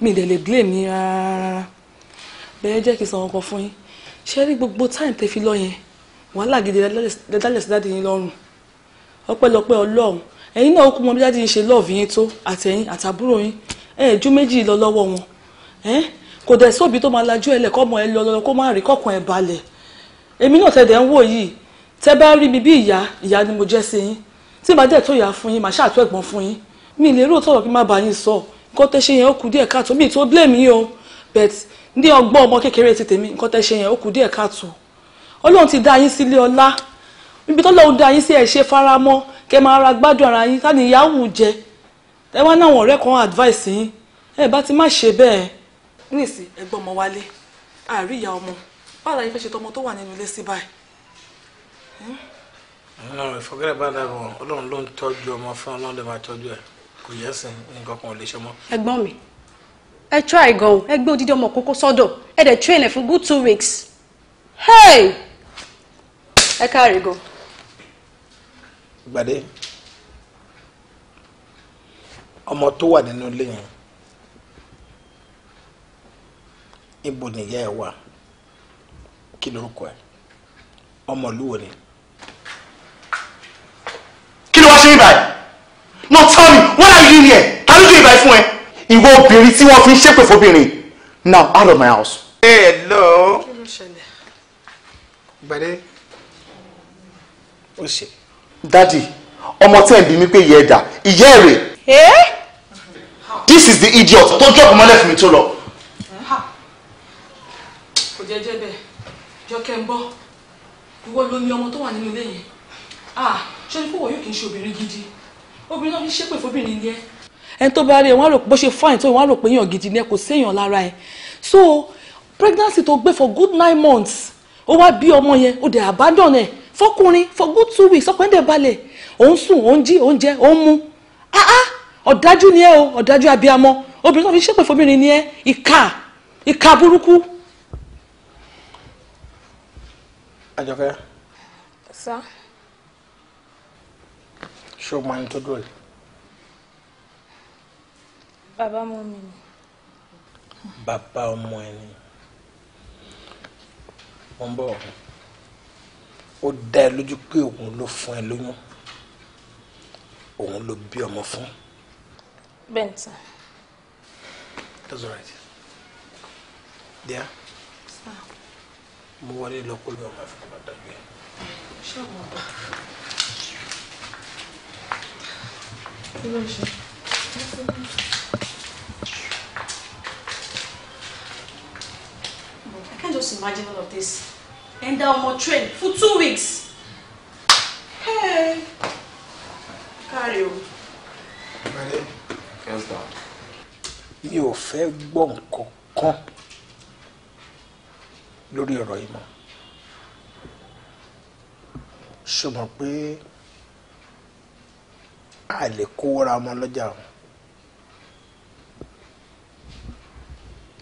mi dẹ̀ lè blame yín rárá bẹ́ẹ̀ jẹ́ kí n sọ ọkọ̀ fún yín ṣé rí gbogbo time tẹ fi lọ yẹn wàhálà gidi lẹ́dálẹ̀ sí dáàdì yín lọ́rùn ọpẹ́lọpẹ́ ọlọ́run ẹ̀yin náà ó kú mọ bí dáàdì yín ṣe lọ́ọ̀fù yín tó àtẹ̀yìn àtàbúrò yín ẹ̀ ju méjì lọ lọ́wọ́ wọn kò dẹ̀ sóbi tó máa lajú ẹlẹ̀ kọ́mọ ẹ lọ kó má rí kọ́kàn ẹ balẹ̀ èmi náà tẹ̀ dẹ̀ ń wò yìí tẹ́ bá rí mi bí ìyá ìyá ni mo jẹ́ sí yín tí màá dẹ̀ tó yà fún yín màá ṣàtú ẹ̀gbọ́n fún yín mi ì lè rò tọ̀rọ̀ kí n má bàa yín sọ nǹkan tẹ́ ṣe yẹn ó kù díẹ̀ káàtó mi tó blame yín o but ní ọgbọ́n ọmọ kékeré ti tèmi nǹkan tẹ́ ṣe yẹn ó kù díẹ̀ káàtó ọlọ́run ti dá yín sílé ọlá níbi tọ́lọ́run dá yín sí ẹ̀ ṣe faramọ́ kẹ́ máa ra gbádùn ara yín tani ìyáwó jẹ ẹ wá náwọn ọ̀rẹ́ kan advice yín ẹ bá ti má ṣe bẹ́ẹ̀ níìsín ẹgbọ́n ọmọ wálé àárí ìyá ọmọ báwo la yín fẹ́ ṣe tọmọ tó wà nínú ilé sí báyìí. Hmm? no forget about that one ọlọ́run ló ń tọ́jú ọmọ fún ọlọ́run lè máa tọ́jú ẹ̀ kò yẹ sìn nǹkan kan ò lè ṣe mọ́. ẹ̀gbọ́n mi ẹ try gan ẹ gbé odidi ọmọ kókó sọ́dọ̀ ẹ dẹ̀ train ẹ̀ fún good two weeks hey ẹ káàárẹ̀ gan. gbàdé ọmọ tó wà nínú ilé yẹn ibo nìyá ẹ wà kí lorúkọ ẹ ọmọ ìlú wo ni doing by now tell me what are you doing here ta ló doing e by fún ẹ ìwọ obìnrin tí wọ́n fi ń ṣépè fóbìnrin now out of my house. hello. kí ló ṣẹlẹ̀. gbàdé ó ṣe. dadi ọmọ tẹ́ ẹ̀ bí mi pé ìyá ẹ̀dá ìyá ẹ̀rẹ̀. this is the idiot tó jọ́pọ̀ mọ́lẹ̀ fún mi tó lọ. kò jẹ́jẹ́ bẹ́ẹ̀ jọ́kẹ́ ń bọ́ ìwọ ló ní ọmọ tó wà nínú ilé yẹn. Ah ṣe ni fún wọ̀nyí kì í ṣe obìnrin gidi obìnrin náà fi ṣépè fóbìnrin ni ẹ. ẹni tó bá rí ẹ wọn á rò bó ṣe fine tó wọn á rò pé èèyàn gidi ni ẹ kò sí lára ẹ so pregnancy tó gbé for good nine months ó wá bí ọmọ yẹn ó dẹ̀ abandon ẹ fọkùnrin for good two weeks ọkùnrin dẹ̀ balẹ̀ òun sùn òun jí òun jẹ òun mu ah ah ọ̀dájú ni ẹ o ọ̀dájú abiyamọ obìnrin náà fi ṣépè fóbìnrin ni ẹ ìka ìka burúkú. àjọkẹ́. sá. So ṣé o mọ ẹni tó dúró yìí. bàbá ọmọ mi ni. bàbá ọmọ ẹ ni mo ń bọ̀ ó dá ẹ lójú pé òun ló fún ẹ lóyún òun ló bí ọmọ fún. bẹ́ẹ̀ sà. that's all right. díẹ̀ mo wọlé lọ pé ọmọ fún ọmọ dágbé. ṣé ọmọ bọ̀. I can't just imagine all of this. And down on train for two weeks. Hey. Carry on. Ready? Yes, down. Mi ò fẹ́ gbọ́ nǹkan kan lórí ọ̀rọ̀ yìí mọ́. Ṣùgbọ́n pé a lè kówóra ọmọ lọ́jà o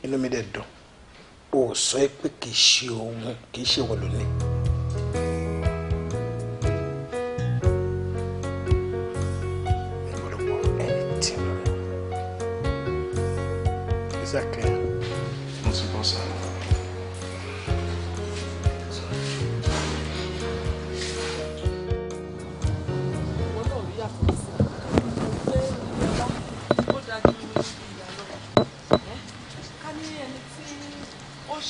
inú mi dẹ̀ dùn o sọ é pé kì í ṣe òun kì í ṣe wọ́n lónìí. Exactly. Once upon a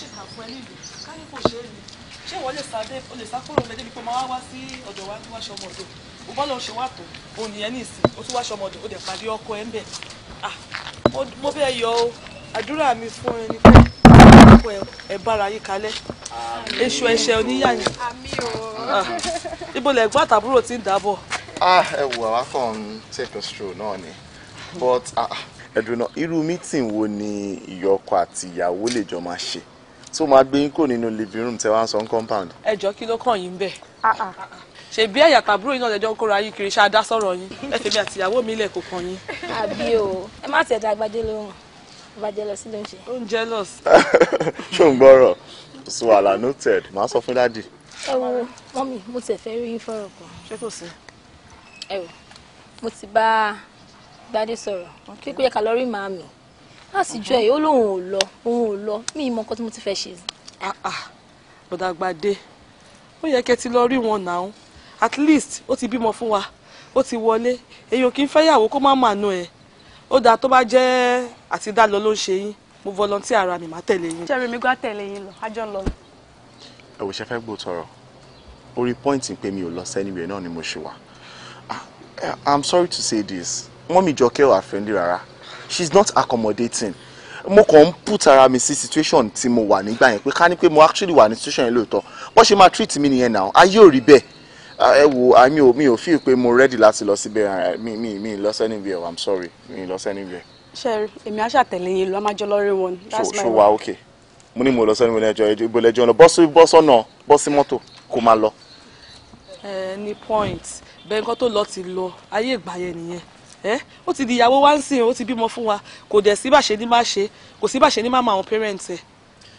ṣèkà fún ẹni ìlú ká ní kò ṣe é ní ṣé ìwọ lè sáré o lè sákòrò ọmọdé bí kò máa wá sí ọ̀dọ̀ wa wá ṣọmọ ọ̀dọ̀ o bọ́ lọ́n ṣe wà tó o nìyẹn ní ìsìn o tún wá ṣọmọ ọ̀dọ̀ o dẹ̀ pàdé ọkọ ẹ̀ ń bẹ̀ ah mo bẹ́ẹ̀ yọ o àdúrà mi fún ẹni pé ọkọ ẹ bára yín kalẹ̀ èṣù ẹ̀ṣẹ̀ oníyàyìn ibo lẹ́gbọ́n àtàbúrò ti ń dábọ̀. ah ẹ wò wá kàn ń take a stroll náà ni but ah, ẹdùnà irú mítìn wo ni ìyọkọ àti ìyàwó lè jọ máa ṣe tó máa gbé yín kò nínú living room tẹ wá ń sọ compound. ẹ jọ kí ló kàn yín bẹ́ẹ̀ ah, ah. ṣèbí ẹ̀yà tàbúrò yìí náà lẹ́jọ́ ń kóra yín kiri ṣáá dá sọ̀rọ̀ yín ẹ fèmí àti ìyàwó mi ilẹ̀ kò kàn yín. àbí o ẹ má tiẹ̀ dá gbadé lóhùn gbadélọ sí ló ń ṣe. ó ń jealous. ṣó ń gbọ́rọ̀ so àlà noted màá sọ fún dádì. ẹ wo mọ́mì mo tẹ̀ fẹ́ rí yín fọ̀rọ̀ kan. ṣé kò sí. ẹ wo mo ti bá gbadé sọ̀rọ̀ kíkú yẹ ká lọ rí láti jọ ẹ̀ ó lóun ò lọ òun ò lọ mí ìmọ̀ nǹkan tí mo ti fẹ́ ṣe. Ah, ah. bọ̀dàgbàdé ó yẹ kẹ́ ti lọ rí wọn náà at least ó ti bímọ fún wa ó ti wọlé èèyàn kì í fẹ́yàwó kó má mànú ẹ̀ ó dáa tó bá jẹ́ àtidálọ ló ń ṣe yín mo volunteer ara mi má tẹ̀lé yín. jẹ́rìí mi gbá tẹ̀lé yín lọ àjọ lọ. ẹ wò ṣe fẹ́ gbọ́ tọrọ orí pọ́ìntì pé mi ò lọ sẹ́niwẹ̀ẹ́ náà ni mo ṣe wà ah, eh, i'm sorry to say this mọ́mí jọkẹ́ ò àfẹ́ndí rárá she's not accommodating mo kàn ń put ara mi sí situation tí mo wà nígbà yẹn pé ká ní pé mo actually wà ní situation yẹn lóòótọ́ bó ṣe máa treat mi nìyẹn náà ayé ò rí bẹ́ẹ̀ ẹ wo mi ò mi ò feel pé mo ready láti lọ síbẹ̀ mi mi mi lọ sí anywhere i'm sorry mi lọ sí anywhere. sẹ́ẹ̀rì èmi á ṣàtẹ̀lé yín lọ a máa jọ lọ́rí wọn. ṣo ṣo wa okay mo ní mo lọ sẹ́nu ẹjọ́ ìbò lẹ́jọ́ náà bọ́sí bọ́sọ́nà bọ́sí mọ́tò kó máa lọ. ẹ ní point bẹ́ẹ̀ nǹkan tó lọ ti ẹ eh? ó ti di ìyàwó wá ń sìn ó ti bímọ fún wa kò dẹ̀ sí bàṣẹ ní má kò sí bàṣẹ ní má àwọn parents ẹ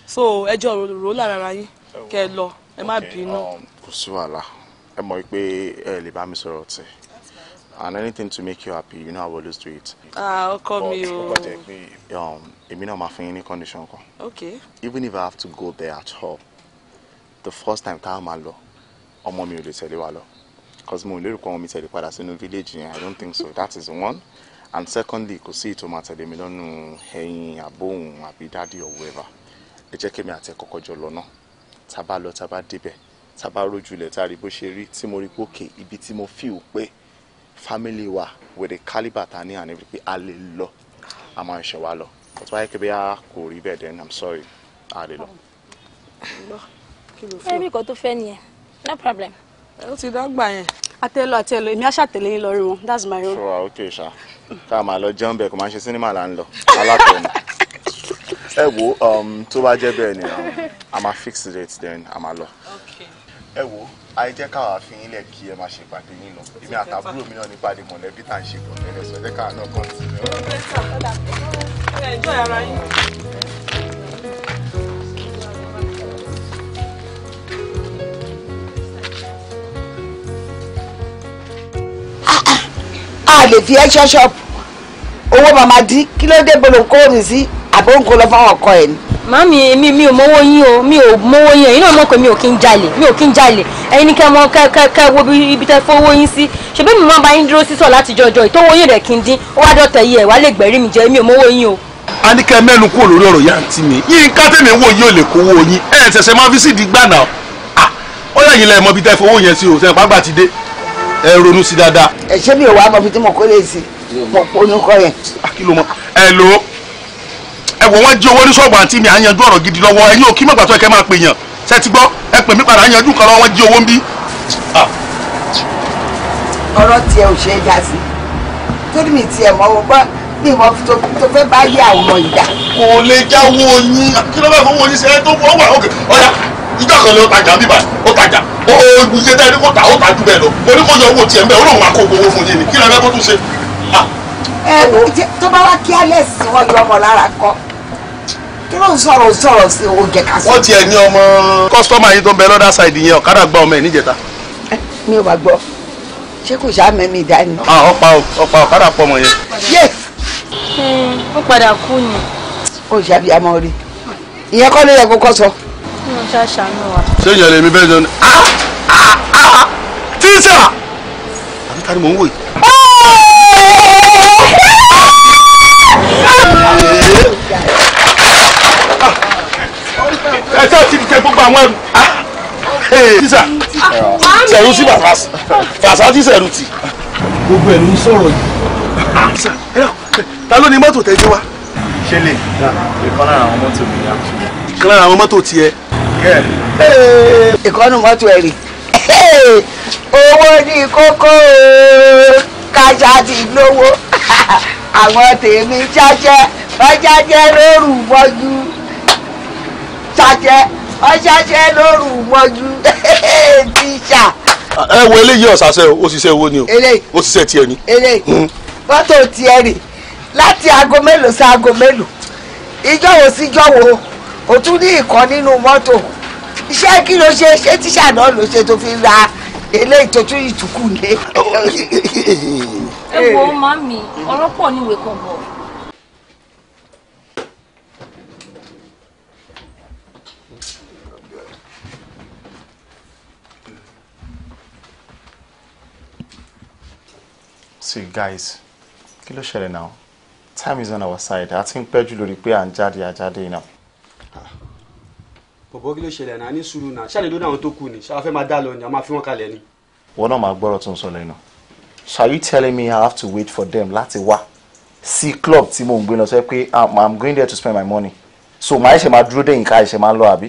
so ẹjọ́ rò lára ara yín kẹ ẹ lọ ẹ má bínú. Um, kò sí wàhálà ẹ mọ̀ pé ẹ lè bá mi sọ̀rọ̀ tẹ̀ and anything to make you happy you know I will always do it. Ah, ọkọ mi o. but um, èmi náà máa fún yín ní condition kan. okay. even if I have to go there at all the first time tá máa lọ ọmọ mi ò lè tẹ̀lé wa lọ because mo lérò pé àwọn mi tẹ̀lé padà sínú village yẹn i don't think so that is one and secondly kò sí ìtò máa tẹ̀lé mi lọ́nu ẹ̀yìn àbóhùn àbí dáàdì or whoever ẹ jẹ́ kémi àti ẹ̀kọ́kọ́ jọ lọ náà tá a bá lọ tá a bá débẹ̀ tá a bá rójúlẹ̀ tá a rí bó ṣe rí tí mo rí pé òkè ibi tí mo feel pé family wa with a calibre ta ní àná pé a lè lọ a máa ń ṣe wa lọ but wáyé kébé a kò rí bẹ́ẹ̀ then i'm sorry a lè lọ. ẹ̀rí kan tó fẹ́ nìyẹn no problem. ẹ ó ti dọ́gba yẹn àtẹlọ àtẹlọ èmi àṣàtẹlẹ yín lọrí wọn that's my own. sure okay, ṣá tá a máa lọ jẹun bẹ́ẹ̀ kò máa ń ṣe sinimá là ń lọ alákọọni ẹ wo tó bá jẹ́ bẹ́ẹ̀ ni a máa fix date then a máa lọ ẹ wo ayé jẹ́ káwa fi yín lẹ̀ kí ẹ máa ṣe ìpàdé yín lọ èmi àtàbúrò mi náà ní ìpàdé mọ̀lẹ́bí tá à ń ṣe pọ̀ tẹ́lẹ̀ sọ ẹ jẹ́ káwa náà kàn sí i. a lè fi extra shop owó màmá dí kí ló dé bolo kó mi sí àbó nǹkan lọ fáwọn ọkọ ẹ ni. màmí mi mi ò mówó yín o mi ò mówó yín ẹ̀yin náà mọ̀ pé mi ò kí ń jalè mi ò kí ń jalè ẹ̀yin ní kẹ́ mọ kẹ́ kẹ́ kẹ́ wo ibi tẹ́ fowó yín sí ṣebí mi máa bá yín dúró sísọ láti jọjọ ìtọ́wọ́ yín rẹ̀ kí n dín ó wá dọ̀tẹ̀ yìí ẹ̀ wá lè gbẹ̀rí mi jẹ mi ò mówó yín o. a ní kẹ́ mẹ́nu kúrò lórí ọ̀rọ̀ yá àǹtí mi yín ká tèmi wò yín ò lè kówó yín ẹ̀ ṣẹ̀ṣẹ̀ máa fi sídìí gbà náà ó yẹ ẹ ronú sí dáadáa. ẹ ṣé mi ò wá mọ fi tí mo kó lè sí mo ponú kọ yẹn. mọ ẹ lò ó ẹ wò wọn jí owó ní ṣọ́ọ̀bù àǹtí mi à ń yanjú ọ̀rọ̀ gidi lọ́wọ́ ẹ̀yin ò kí mọ̀gbà tó ẹ kẹ́ máa pè yàn ṣe ti gbọ́ ẹ pè mí padà yanjú kan lọ́wọ́ wọn jí owó ń bí. Ah. ọ̀rọ̀ tiẹ̀ ò ṣe é já sí torí mi tiẹ̀ mọ́ wọ́n bá bí wọn tó fẹ́ bá yé àwọn ìjà. kò lè jáwọ́ yín kí ló bá fọwọ́ yín ṣe é tó fọwọ́ ìjọ kan lọ tajà bíbà ó tajà ó ṣe tẹ́ ẹni kó ta ó ta jù bẹ́ẹ̀ lọ mo ní kó yọ owó tiẹ̀ ń bẹ́ ó lóun máa kó gbowó fún yín ni kí lẹ́ẹ̀ bẹ́ẹ̀ kó tún ṣe. ẹ tó bá wá kí alẹ́ sí wọn yọ ọmọ lára kọ́ kí ló ń sọ̀rọ̀ sọ̀rọ̀ sí o jẹ ká sí. wọ́n tiẹ̀ ní ọmọ kọ́sítọ́mà yìí tó ń bẹ lọ́dà ṣáìdì yẹn ọ̀kadà gba ọmọ ẹ̀ níjẹta. mi ò bá gbọ́ ṣé kò ṣáà mẹ́mí dání. ọ̀pá ah, ọ̀pá ọ̀kadà pọ̀ mọ̀ yẹn. yé hmm, ó padà kú ni. ó ṣàbíyamọ rí ìyẹn kọ́ ló yẹ kó kọ́ sọ ṣé ìyẹn lèmi bẹ́ẹ̀ jẹun ah! Ah! Ah! tíṣà àbí ta ni mò ń wò yìí. ẹ tẹ́ ẹ ti jẹ gbogbo àwọn ẹrù tíṣà sẹ̀rù sí bàbá fàṣà tí sẹ̀rù tì. gbogbo ẹ̀rù ń sọ̀rọ̀ yìí. ta ló ni mọ́tò tẹ́jú wa. ṣe lè ìkan lára àwọn mọ́tò mi yá. ìkan lára àwọn mọ́tò tiẹ̀ ìkọ́nù mọ́tò ẹ̀ rè owó ní kókó kájà ti lówó àwọn tèmi jájẹ́ ọjájẹ́ lóru mọ́jú jájẹ́ ọjájẹ́ lóru mọ́jú tíṣà. ẹ wo eléyìí ọ̀sàṣẹ́ o òṣìṣẹ́ owó ni o òṣìṣẹ́ tiẹ̀ ni. eléyìí hmm. mọ́tò tiẹ̀ rè láti aago mélòó sí aago mélòó ìjọ wo síjọ wo o tún ní ìkan nínú mọ́tò iṣẹ́ kí ló ṣe ṣé tíṣà náà ló ṣe tó fi ra eléyìí tó tún ìtúkù ẹ wo màmí ọ̀rọ̀ pọ̀ níwèé kan bọ̀. See guys, kí ló ṣẹlẹ̀ now? Time is on our side. A ti ń pẹ́jù lórí pé à ń jáde àjáde náà. Ah. bọ̀bọ̀ kí ló ṣẹlẹ̀ náà ní sùúrù náà ṣáà lè lórí àwọn tó kù ni ṣáà fẹ́ máa dá lọ ni a máa fi wọ́n kalẹ̀ ni. wọn náà máa gbọ́rọ̀ tó ń sọ lẹ́nu shall you telling me i have to wait for them láti wá sí club tí mò ń gbé lọ sọ pé ah, i'm going there to spend my money so màá ṣe máa dúró dé nǹkan àìṣe máa ń lọ àbí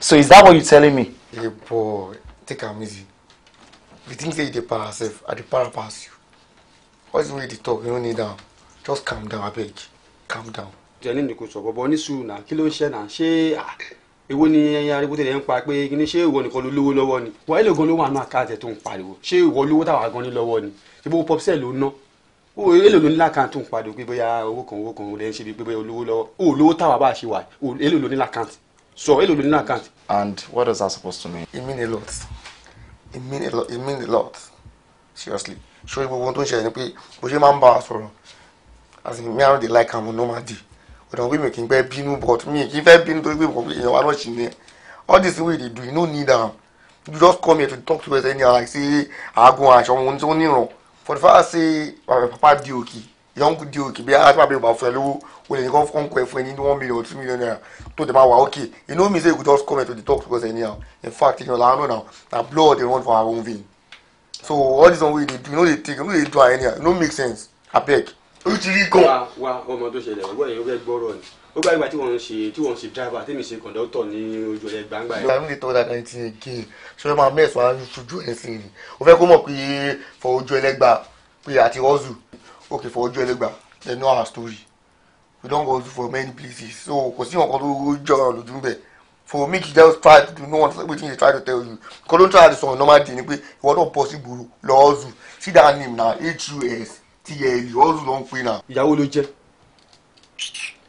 so is that what you telling me. hey boy take am easy if you think say you dey para sef i dey para pass you all the way you dey talk you no need am just calm down abeg calm down tẹ̀lé nìkan sọ bọ̀bọ̀ ní sùúrù kí ló ń ṣe náà ṣé èwo ni ẹyin ariwo ń pa pé kíni ṣé ìwọ nìkan lówó lọ́wọ́ ni wọ́n ẹ̀ lóògùn ló wà náà káàtẹ̀ tó ń pariwo ṣé ìwọ lówó táwa gan ni lọ́wọ́ ni ṣé bó pọ́písẹ̀ ló ná o èlò ló ní lákàntì ń pariwo pé bóyá owó kan owó kan ò lè ń ṣe bí bóyá olówó lọ́wọ́ o lówó táwa bá ṣe wà o èlò ló ní lákàntì sọ èlò ló ní lákàntì. and what does that supposed to mean. it mean a lot it mean a lot it mean a lot seriously ṣé gbogbo ohun tó ń ṣẹlẹ̀ ni pé bó ṣe máa ń bá a sọ̀rọ̀ as in me and the like am onomadi ọ̀dọ̀ pé mi kì í fẹ́ bínú but mi kì í fẹ́ bínú torí pé èèyàn wa náà ṣì ní all this way they do you no need am you just come here to talk to us anyhow like say aago aṣọ ohun tí ó níran for the fact say papa di òkè yọ̀ǹkù di òkè bí aláṣẹ pàbí ìbá fún ẹ lówó o lè ní kọ́ fún ẹ fún ẹ ní one million two million naira tó dẹ̀ máa wà okay you know me say you go just come here to dey talk to us anyhow in fact you know la know now na blood dey run for our own vein so all this one wey you dey do you no dey take you no dey do am anyhow e no make sense abeg ó ti rí gan. wa wa ọmọ tó ṣẹlẹ̀ ọgbọ́n yẹn ó fẹ́ gbọ́rọ̀ ni ó gbà ìgbà tí wọ́n ń ṣe tí wọ́n ń ṣe driver tèmi ṣe kọ̀ǹdọ́tọ̀ ní ojú ẹ̀ gbangba yẹn. ìlànà ìtọ́jú dáadáa ní ti ẹ̀ gé e ṣọlá máa mẹ́sàn án ṣojú ẹ̀ sí ni ó fẹ́ kó mọ̀ pé fọ ojú ẹlẹ́gba pé àti hustle òkè fọ ojú ẹlẹ́gba they know our story we don go for many places so kò sí nǹkan tó jọra lójú bẹ́ẹ̀ for me to just try to do. No know wetin he try to tell you kò ló ń try to normal day ni pé ìwọ náà pọ̀ sí gbòòrò lọ́ọ́ zoo see that name na hus ti yẹ èlì ọ̀sùn ló ń pin náà. ìyàwó ló jẹ́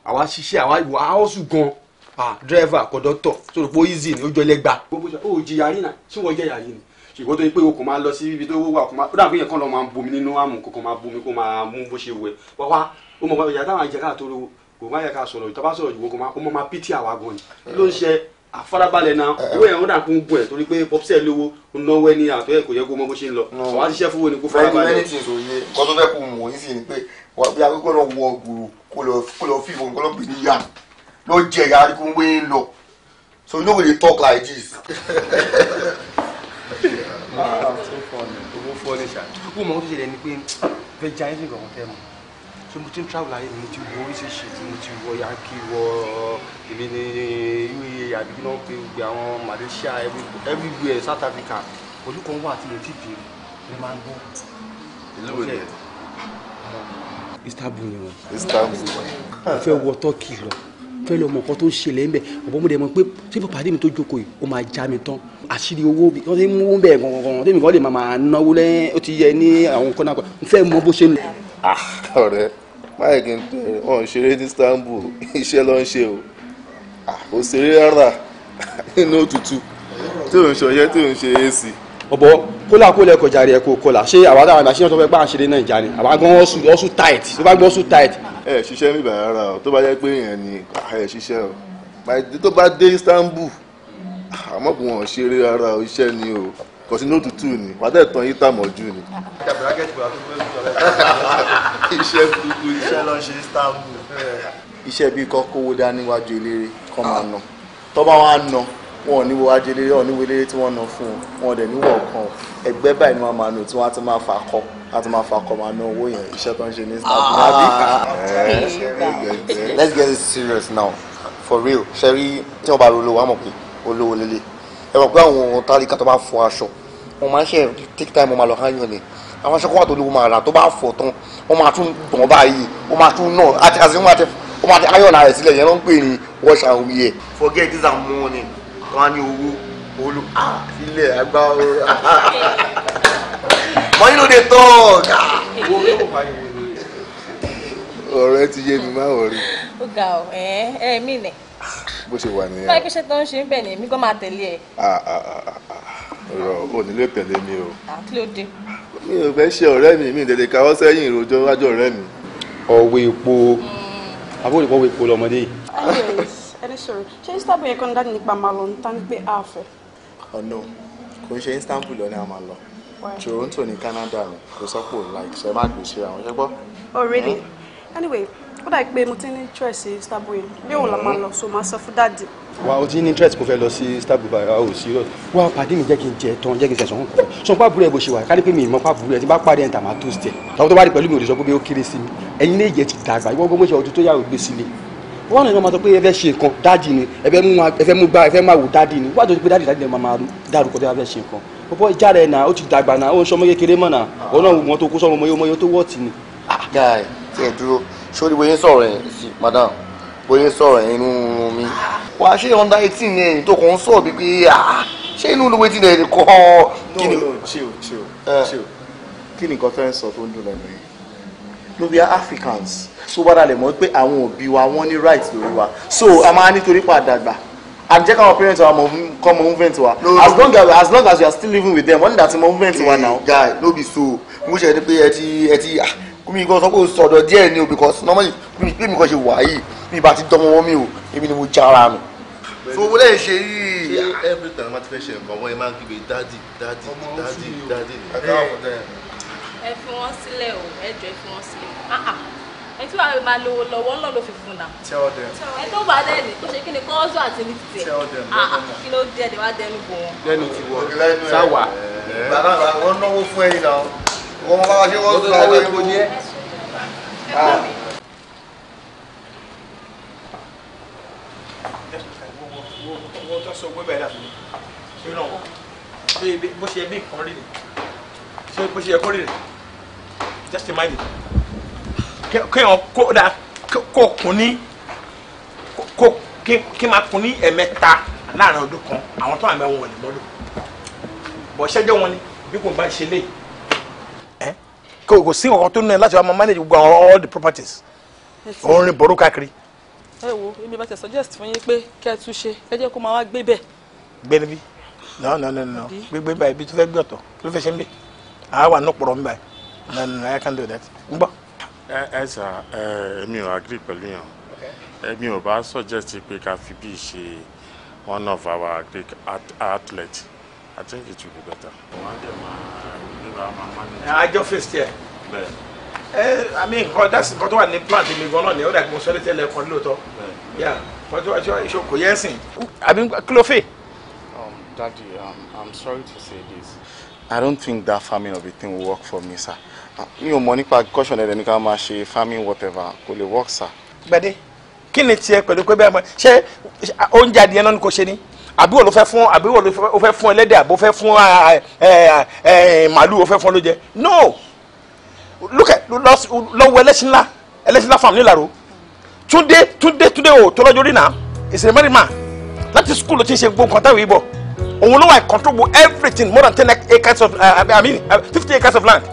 àwa ṣiṣẹ́ àwa ìwà ọ̀sùn gan-an ah dírẹ́fà kọ̀dọ́tọ̀ sọ̀rọ̀ pé ó easy ni ó jọ lẹ́gba. ó jìyà yín náà tí wọ́n jẹ́ yàrá yín ni ṣùgbọ́n tó yẹ pé o kò máa lọ sí ibi tó wà kò máa ó dàbí yẹn kán lọ máa bomi nínú àmù kò máa bomi kó máa mú bó ṣe wẹ̀ wá ó mọ̀ bá yàrá táwọn àjẹká àtòrò kò má yẹ ká sọ̀rọ̀ ìtọ́ bá sọ̀rọ̀ ìwọ kò máa ó mọ̀ máa pítí àwa gan ni ló ń ṣe àfarabalẹ̀ náà owó yẹn wọ́n dà kún bọ̀ ẹ̀ torí pé pọ́písẹ̀ lówó náwó ẹni àtọ́ ẹ̀ kò yẹ kó mọ bó ṣe ń lọ àwọn àṣìṣe fún òní kó farabalẹ̀. many things òye nǹkan tó fẹ́ kó mọ̀ yín sí ni pé bí akókò náà wọ gbòòrò kó lọ fífọ nǹkan lọ́gbìn ní yàrá ló jẹ ìyá arúgbó wé ń lọ so you no go talk like this. owó fọ́ọ̀nì ṣáà wọ́n mọ̀ ọ́n tó ṣẹlẹ̀ ni pé fẹ́ jẹ́ ayé so mo ti ń travel ayé mi ti wo oríṣiríṣi mo ti wọ yankee wọ èmi ní uae àbí náà pé gbogbo àwọn Malaysia everywhere South Africa ojú kan wà tí mo ti dé mo máa ń gbọ́. ìlú wo Istanbul ni wọn. Istanbul. mo fẹ́ wọ Turkey lọ fẹ́ lọ mọ nǹkan tó ń ṣẹlẹ̀ ńbẹ ọ̀bọ̀n mo dẹ̀ mọ̀ pé tí bàbá mi tó jókòó yìí ó máa já mi tán àṣírí owó bí wọ́n ti mú owó bẹ́ẹ̀ gangan tẹ́mi kan lè máa náwó lẹ́yìn ó ti yẹ ní àwọn nǹkan kan mo fẹ́ mọ bó ṣe ń lọ. Ah, ọ̀rẹ́ máyì kí n tó ẹ wọn ò ṣeré ní Istanbul iṣẹ́ ló ń ṣe o kò ṣeré rárá nínú òtútù tí ò ń ṣọyẹ tí ò ń ṣe ac. ọ̀bọ̀ kólà kólà ẹ̀kọ́ jàre ẹ̀kọ́ kólà ṣé àwa dára àṣírí ọ̀tọ̀ fẹ́ pa àṣírí náà ìjà ni àwa gan ọ̀sùn tight tó bá gbọ́ tight. ẹ ṣiṣẹ́ mi bàá rárá o tó bá yẹ pé èèyàn ni ẹ ṣiṣẹ́ o tó bá dé Istanbul àmọ́ kò wọ́n ṣeré rárá o iṣẹ́ ni o kò ní òtútù ni wàtí ẹ̀tàn yìí tàmọ̀jú ni. iṣẹ́ burúkú iṣẹ́ lọ ṣe istanbul. iṣẹ́ bíi kọ́ kówó eléré kọ́ máa ná tọ́ bá wàá ná wọn ò ní wo wájú eléré wọn ò ní wo eléré tí wọ́n ná fún un wọn ò dẹ̀ ní wọ̀ kan ẹgbẹ́ báyìí ni wọ́n máa nù tí wọ́n á ti máa fà kọ́ á ti máa fà kọ́ máa ná owó yẹn iṣẹ́ tó ń ṣe ní istanbul. Ah. let's get it serious now for real ṣe rí tí wọ́n bá ro olówó mọ̀ pé olówó lélẹ̀ ẹ mọ̀ pé àwọn tálíkà tó bá fọ aṣọ wọn máa ń ṣe take time wọn máa lọ hàn yàn ni àwọn aṣọ kan wà tó lówó máa rà tó bá fọ tán wọn máa tún dùn báyìí wọn máa tún nà àti àti wọn àti wọn àti ayọ̀nà rẹ̀ sílẹ̀ yẹn ló ń pè ní wash and wear. forget this and money wọn á ní owó olú ah, sílẹ̀ àgbà ooru money no dey talk. Ah. ọ̀rọ̀ ẹ ti yé mi má wọrí. ó ga ọ ẹ ẹ mí nẹ bó ṣe wà nìyẹn. báyìí kí ṣe tó ń ṣe ń bẹ̀ ni èmi gan máa tẹ̀lé ẹ. ọ̀rọ̀ onílé tẹ̀lé mi o. kí ló dé. mi ò fẹ́ ṣe ọ̀rẹ́ mi mi tètè káwọ́ sẹ́yìn ìròjọ́ wájú ọ̀rẹ́ mi. ọ̀wé epo hmm. àbúrò ìpọ̀wé epo lọmọdé yìí. ẹni sọ̀rọ̀ ṣé istanbul yẹn kọ́ni dáàdì nípa máa lọ níta ní pé a fẹ́. ọ̀nà oh, kò ń ṣe istanbul lọ ni a máa lọ toronto ní canada ni kò sọ́pọ̀ láì ṣe má gbèsè àwọn ṣẹ́gbọ́. oh really anyway ó dà pé mo ti ní interest sí Starboy bí òun la máa lọ so máa sọ fún dáàdì. wa o ti ní interest kó fẹ́ lọ sí Starboy bàrà ah, o sí rọ. wa pàdé mi jẹ́ kí n jẹ tán jẹ́ kí n sẹ̀sọ̀ ń kọ̀ sọ pa àbúrò ẹ̀ bó ṣe wà kárí pé mi ìmọ̀ pa àbúrò ẹ̀ tí bá parí ẹ̀ ń tà máa tó sí ẹ̀ tàwọn tó bá rí pẹ̀lú mi ò lè sọ pé ó kéré sí mi ẹ̀yin lè jẹ́ ti dàgbà ìwọ́n gbọ́ mọ́ṣẹ́ ọdún tó yà ó gbé sílé wọn nana ma sọ pé ẹ fẹ́ ṣe nǹkan dáàdì ni ẹ fẹ́ mú ẹ fẹ́ mú gbá ẹ fẹ́ máa wò dáàdì ni wàá tó ṣe pé dáàdì dáàdì máa dárúkọ bí wàá fẹ́ ṣe nǹkan bọbọ ìjà rẹ náà ó ti dàgbà náà ó ń sọmọ kékeré mọ náà ọ náà wọn tó kó sọmọ mọyọmọyọ tó wọ́ọ̀tì ni. guy tí ẹ dúró sórí bóyá sọ̀rọ̀ yẹn sí madam bóyá sọ̀rọ̀ yẹn inú run mi. wà á ṣe under eighteen yẹn tó kàn ń sọ̀ bí pé ṣé inú ló wetin ẹ̀ kọ́ no no chill chill eh. chill kí ni nǹkan fẹ́ sọ tó ń dùn lẹ́nu yìí no we are Africans so bá dalẹ̀ mọ́ pé àwọn òbí wa wọ́n ní right lórí wa so a máa nítorí pàdàgbà and check our parents our come movement wa as long as as long as you are still living with them wọ́n that's dàtí movement wa now. guy no be so mo ṣe ẹni pé ẹ ti ẹ ti ah mi kò sọ pé o sọ̀dọ̀ díẹ̀ ni o because normally mi bí mi kò ṣe wà yìí mi bá ti dánwọ́ mi o èmi ni mo jára mi. so wọ́n ṣe yìí. ṣé every time wọ́n ti fẹ́ ṣe nǹkan wọ́n yẹn máa ń kígbe dádì dádì dádì dádì ni. ẹ fi wọn sílẹ̀ o ẹ jọ ẹ fi wọn sílẹ̀ ah, ah. ẹ tí wàá máa lówó lọ́wọ́ ńlọ ló fi fún un ẹ tó bá dẹ́ni ó ṣe kí ni kọ́ọ́sù àti ní títẹ̀ ah, kí ló dé ẹ̀ wá dẹnu bò wọn. lẹ́nu ti wọ sáwà bàbá wọn náwó fún ẹyin náà òun bá wá ṣe wọ́n sọ àwọn ni ṣé bó ṣe yẹ kó rí ni just remind me kéèyàn kó dáa kó kún ní kó kí máa kún ní ẹ̀mẹ́ta láàrin ọdún kan kò sí ọkọ tó nà láti wá máa manage gbogbo all the properties òun rìn bọ̀rọ̀ ẹ wo ibi bá ti suggest fún yín pé kẹ́ ẹ tún ṣe ẹ jẹ́ kó máa wá gbé bẹ́ẹ̀. gbé níbí no no no no gbégbé báyìí ibi tó fẹ́ gbé ọ̀tọ̀ kí ló ṣe ń bẹ̀ àá wà nọ́pọ̀rọ̀ mi báyìí no no I can't do that ń gbọ́. ẹ ẹ sà ẹ èmi ò agree pẹ̀lú yàn èmi ò bá suggest pé ká fi bí ṣe one of our Greek athletes I think it will be better àjọ first year ẹ àmì nǹkan that's nǹkan tó wà ní plant mi gan náà ni ó dà kí mo sọ létí ẹlẹ́kọ̀ọ́ lóòótọ́ yà ọjọ́ ọjọ́ ìṣòkò yẹn sìn àbí kí um, Daddy, um, I'm sorry to say this. I don't think that farming of a thing will work for me, sir. Uh, mi ò mọ̀ nípa caution ẹ̀rẹ̀ ní ká máa ṣe farming whatever kò lè work, sir. Gbẹ̀dẹ̀, kí ni tiẹ̀ pẹ̀lú pé bẹ́ẹ̀ mọ̀ ṣé oúnjẹ adìyẹ náà ni kò ṣe ni? àbí wọ́n ló fẹ́ fún àbí wọ́n ló fẹ́ fún ẹlẹ́dẹ̀ àbí wọ́n fẹ́ fún màálù wọ́n fẹ́ fún lóúnjẹ no look at lọ́wọ́ ẹlẹ́sìn ńlá ẹlẹ́sìn ńlá fam nílàró túndé túndé túndé o tó lọ́jọ́ rí nà ìsèlémẹ́rì mà láti skul ló ti ń ṣe gbogbo nǹkan táwọn yìí bọ̀ òun ló wà control everything more than ten acres of uh, I mean uh, fifty acres of land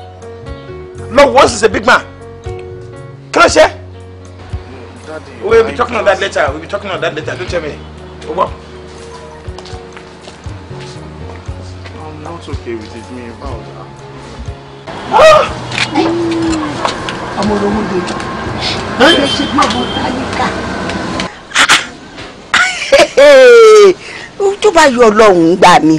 lọ́wọ́ once is a big man kí ló ṣe. Daddy, we'll be talking on that later. We'll be talking on that later. Don't tell me. Over. not okay with it mi báwo la. amọ̀lọ́mọdé ẹ ṣe má bọ̀ táyíká. tó bá yọ ọlọ́run gbà mí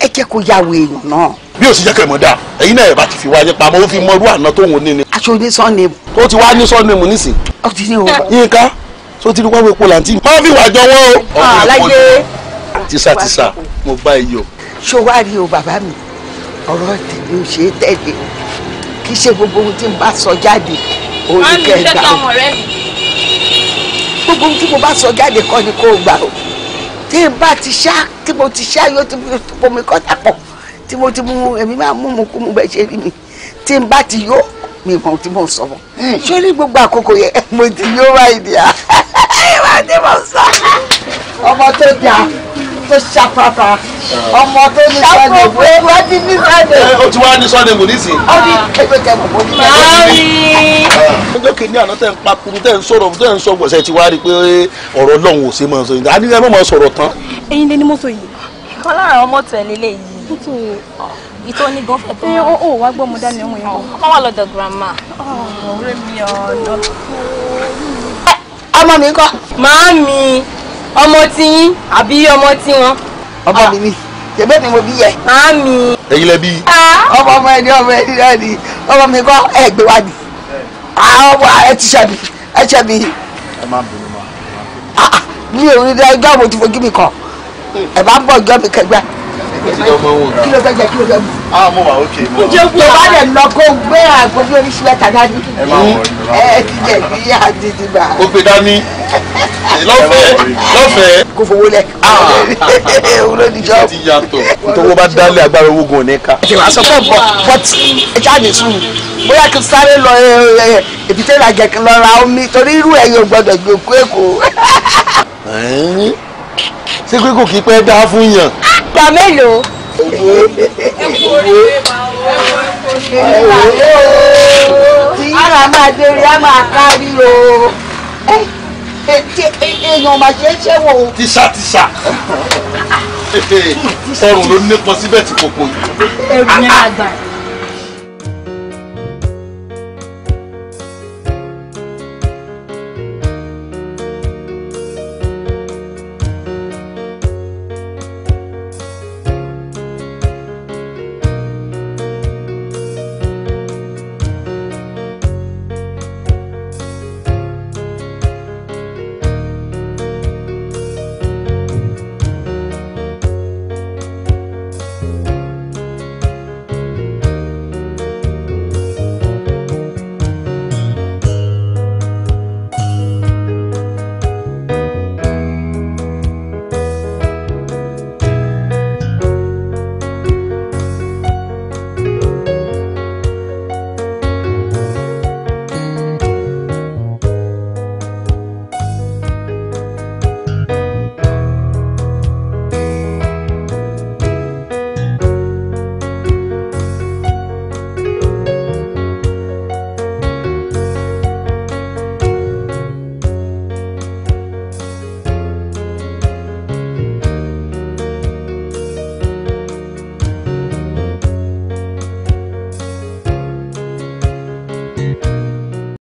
ẹ jẹ́ kó yàwó èèyàn náà. bí o sì jẹ́ kẹ́ mọ̀ dáa ẹ̀yin náà ẹ̀ bá ti fi wáyé pamọ́ ó fi mọ irú àná tó ń wò ní ni. aṣọ onísọ́ọ̀nì. tó ti wá ní sọ́ọ̀nì mu nísìn. ó ti ní o. yínká tó ti rí wáwé epo làǹtí. má fi wàjọ wọn o. aláyé. tìṣàtìṣà ṣó wá rí o bàbá mi ọ̀rọ̀ tèmi ò ṣe é tẹ̀lé kì í ṣe gbogbo ohun tí n bá sọ jáde oríkẹ́ gbà o gbogbo ohun tí mo bá sọ jáde kọ́ ni kò gbà o tí n bá ti ṣá tí mo ti ṣá yóò ti bomi kọ́tà pọ̀ tí mo ti mú èmi máa mú mu kú mu bẹ́ẹ̀ ṣe rí mi tí n bá ti yó mi mọ̀ tí mo sọ mọ́ ṣé ní gbogbo àkókò yẹn mo ti yó wáyé ni à ẹ máa dé sọ ọmọ tó dáa tó ṣàpàpà ọmọ tó ní sọ́ọ̀dẹ̀ ìbò. ṣàpòpò ẹ̀rọ ti ní sọ́ọ̀dẹ̀. ó ti wá ní sọ́ọ̀dẹ̀ ìbò nísìnyí. ó ní kẹ́kẹ́ kò bójú náà. ọjọ́ kìíní àná tẹ̀ ń pakuru tẹ̀ ń sọ̀rọ̀ tẹ̀ ń sọ gbọ̀nsẹ̀ ti wá rí i pé ọ̀rọ̀ Ọlọ́run ò ṣe máa sọ yìí àní ẹ má máa sọ̀rọ̀ tán. eyín lé ní mọ́tò yìí. wọn lára àwọn mọ́tò ẹ̀ yìí ah. ìtọ́ gan fẹ́ tó máa ọmọ ti yín àbí ọmọ ti wọn. ọmọ mi ah. ni ṣèbẹ́ ni mo bí yẹ. àmì. èyí lẹ bí. Ah. ọmọ ọmọ ẹni ọmọ ẹni náà ni ọmọ mi kọ́ ẹ gbé wá ni ah, ọmọ ẹ ti ṣe mi ẹ ṣe mi. ẹ má bínú ma. mi ò rí ẹ gbọ́ mo ti fojú mi kàn ẹ bá ń bọ̀ ìjọ mi kẹgbẹ́. kí ló fẹ́ jẹ kí ló fẹ́ mi. Ah, mo wà ókè mo wà. tó bá lè lọ kó gbé àgbo bí oríṣi mẹ́ta dání. ẹ má wọ ẹ ti jẹ bí àdìdì bá. ó gbé dání lọ́fẹ̀ẹ́ lọ́fẹ̀ẹ́. kò fowó lẹ. ewúro ah. ni jọ. ti yàtọ̀. ntọ́wọ́ bá dálé agbára owó gan ní ká. ìṣèlú aṣọ pọ̀ bọ̀ but ẹ jáde sùn bóyá kí n sáré lọ èbí tẹ́ ra jẹ́ kí n lọ ra omi torí irú ẹ̀ yóò gbọ́dọ̀ gbé òkú èkó. ṣé pé kò kí pẹ́ dá fún yàn. gbà mélòó owó owó owó tí yíra máa dèrè á máa kárí o èèyàn máa ṣe é ṣẹ́wọ̀ o. tíṣà tíṣà ọrùn ló nípọn síbẹ̀ tí kò pọ̀ yìí. ẹ̀rù yẹn àgbà.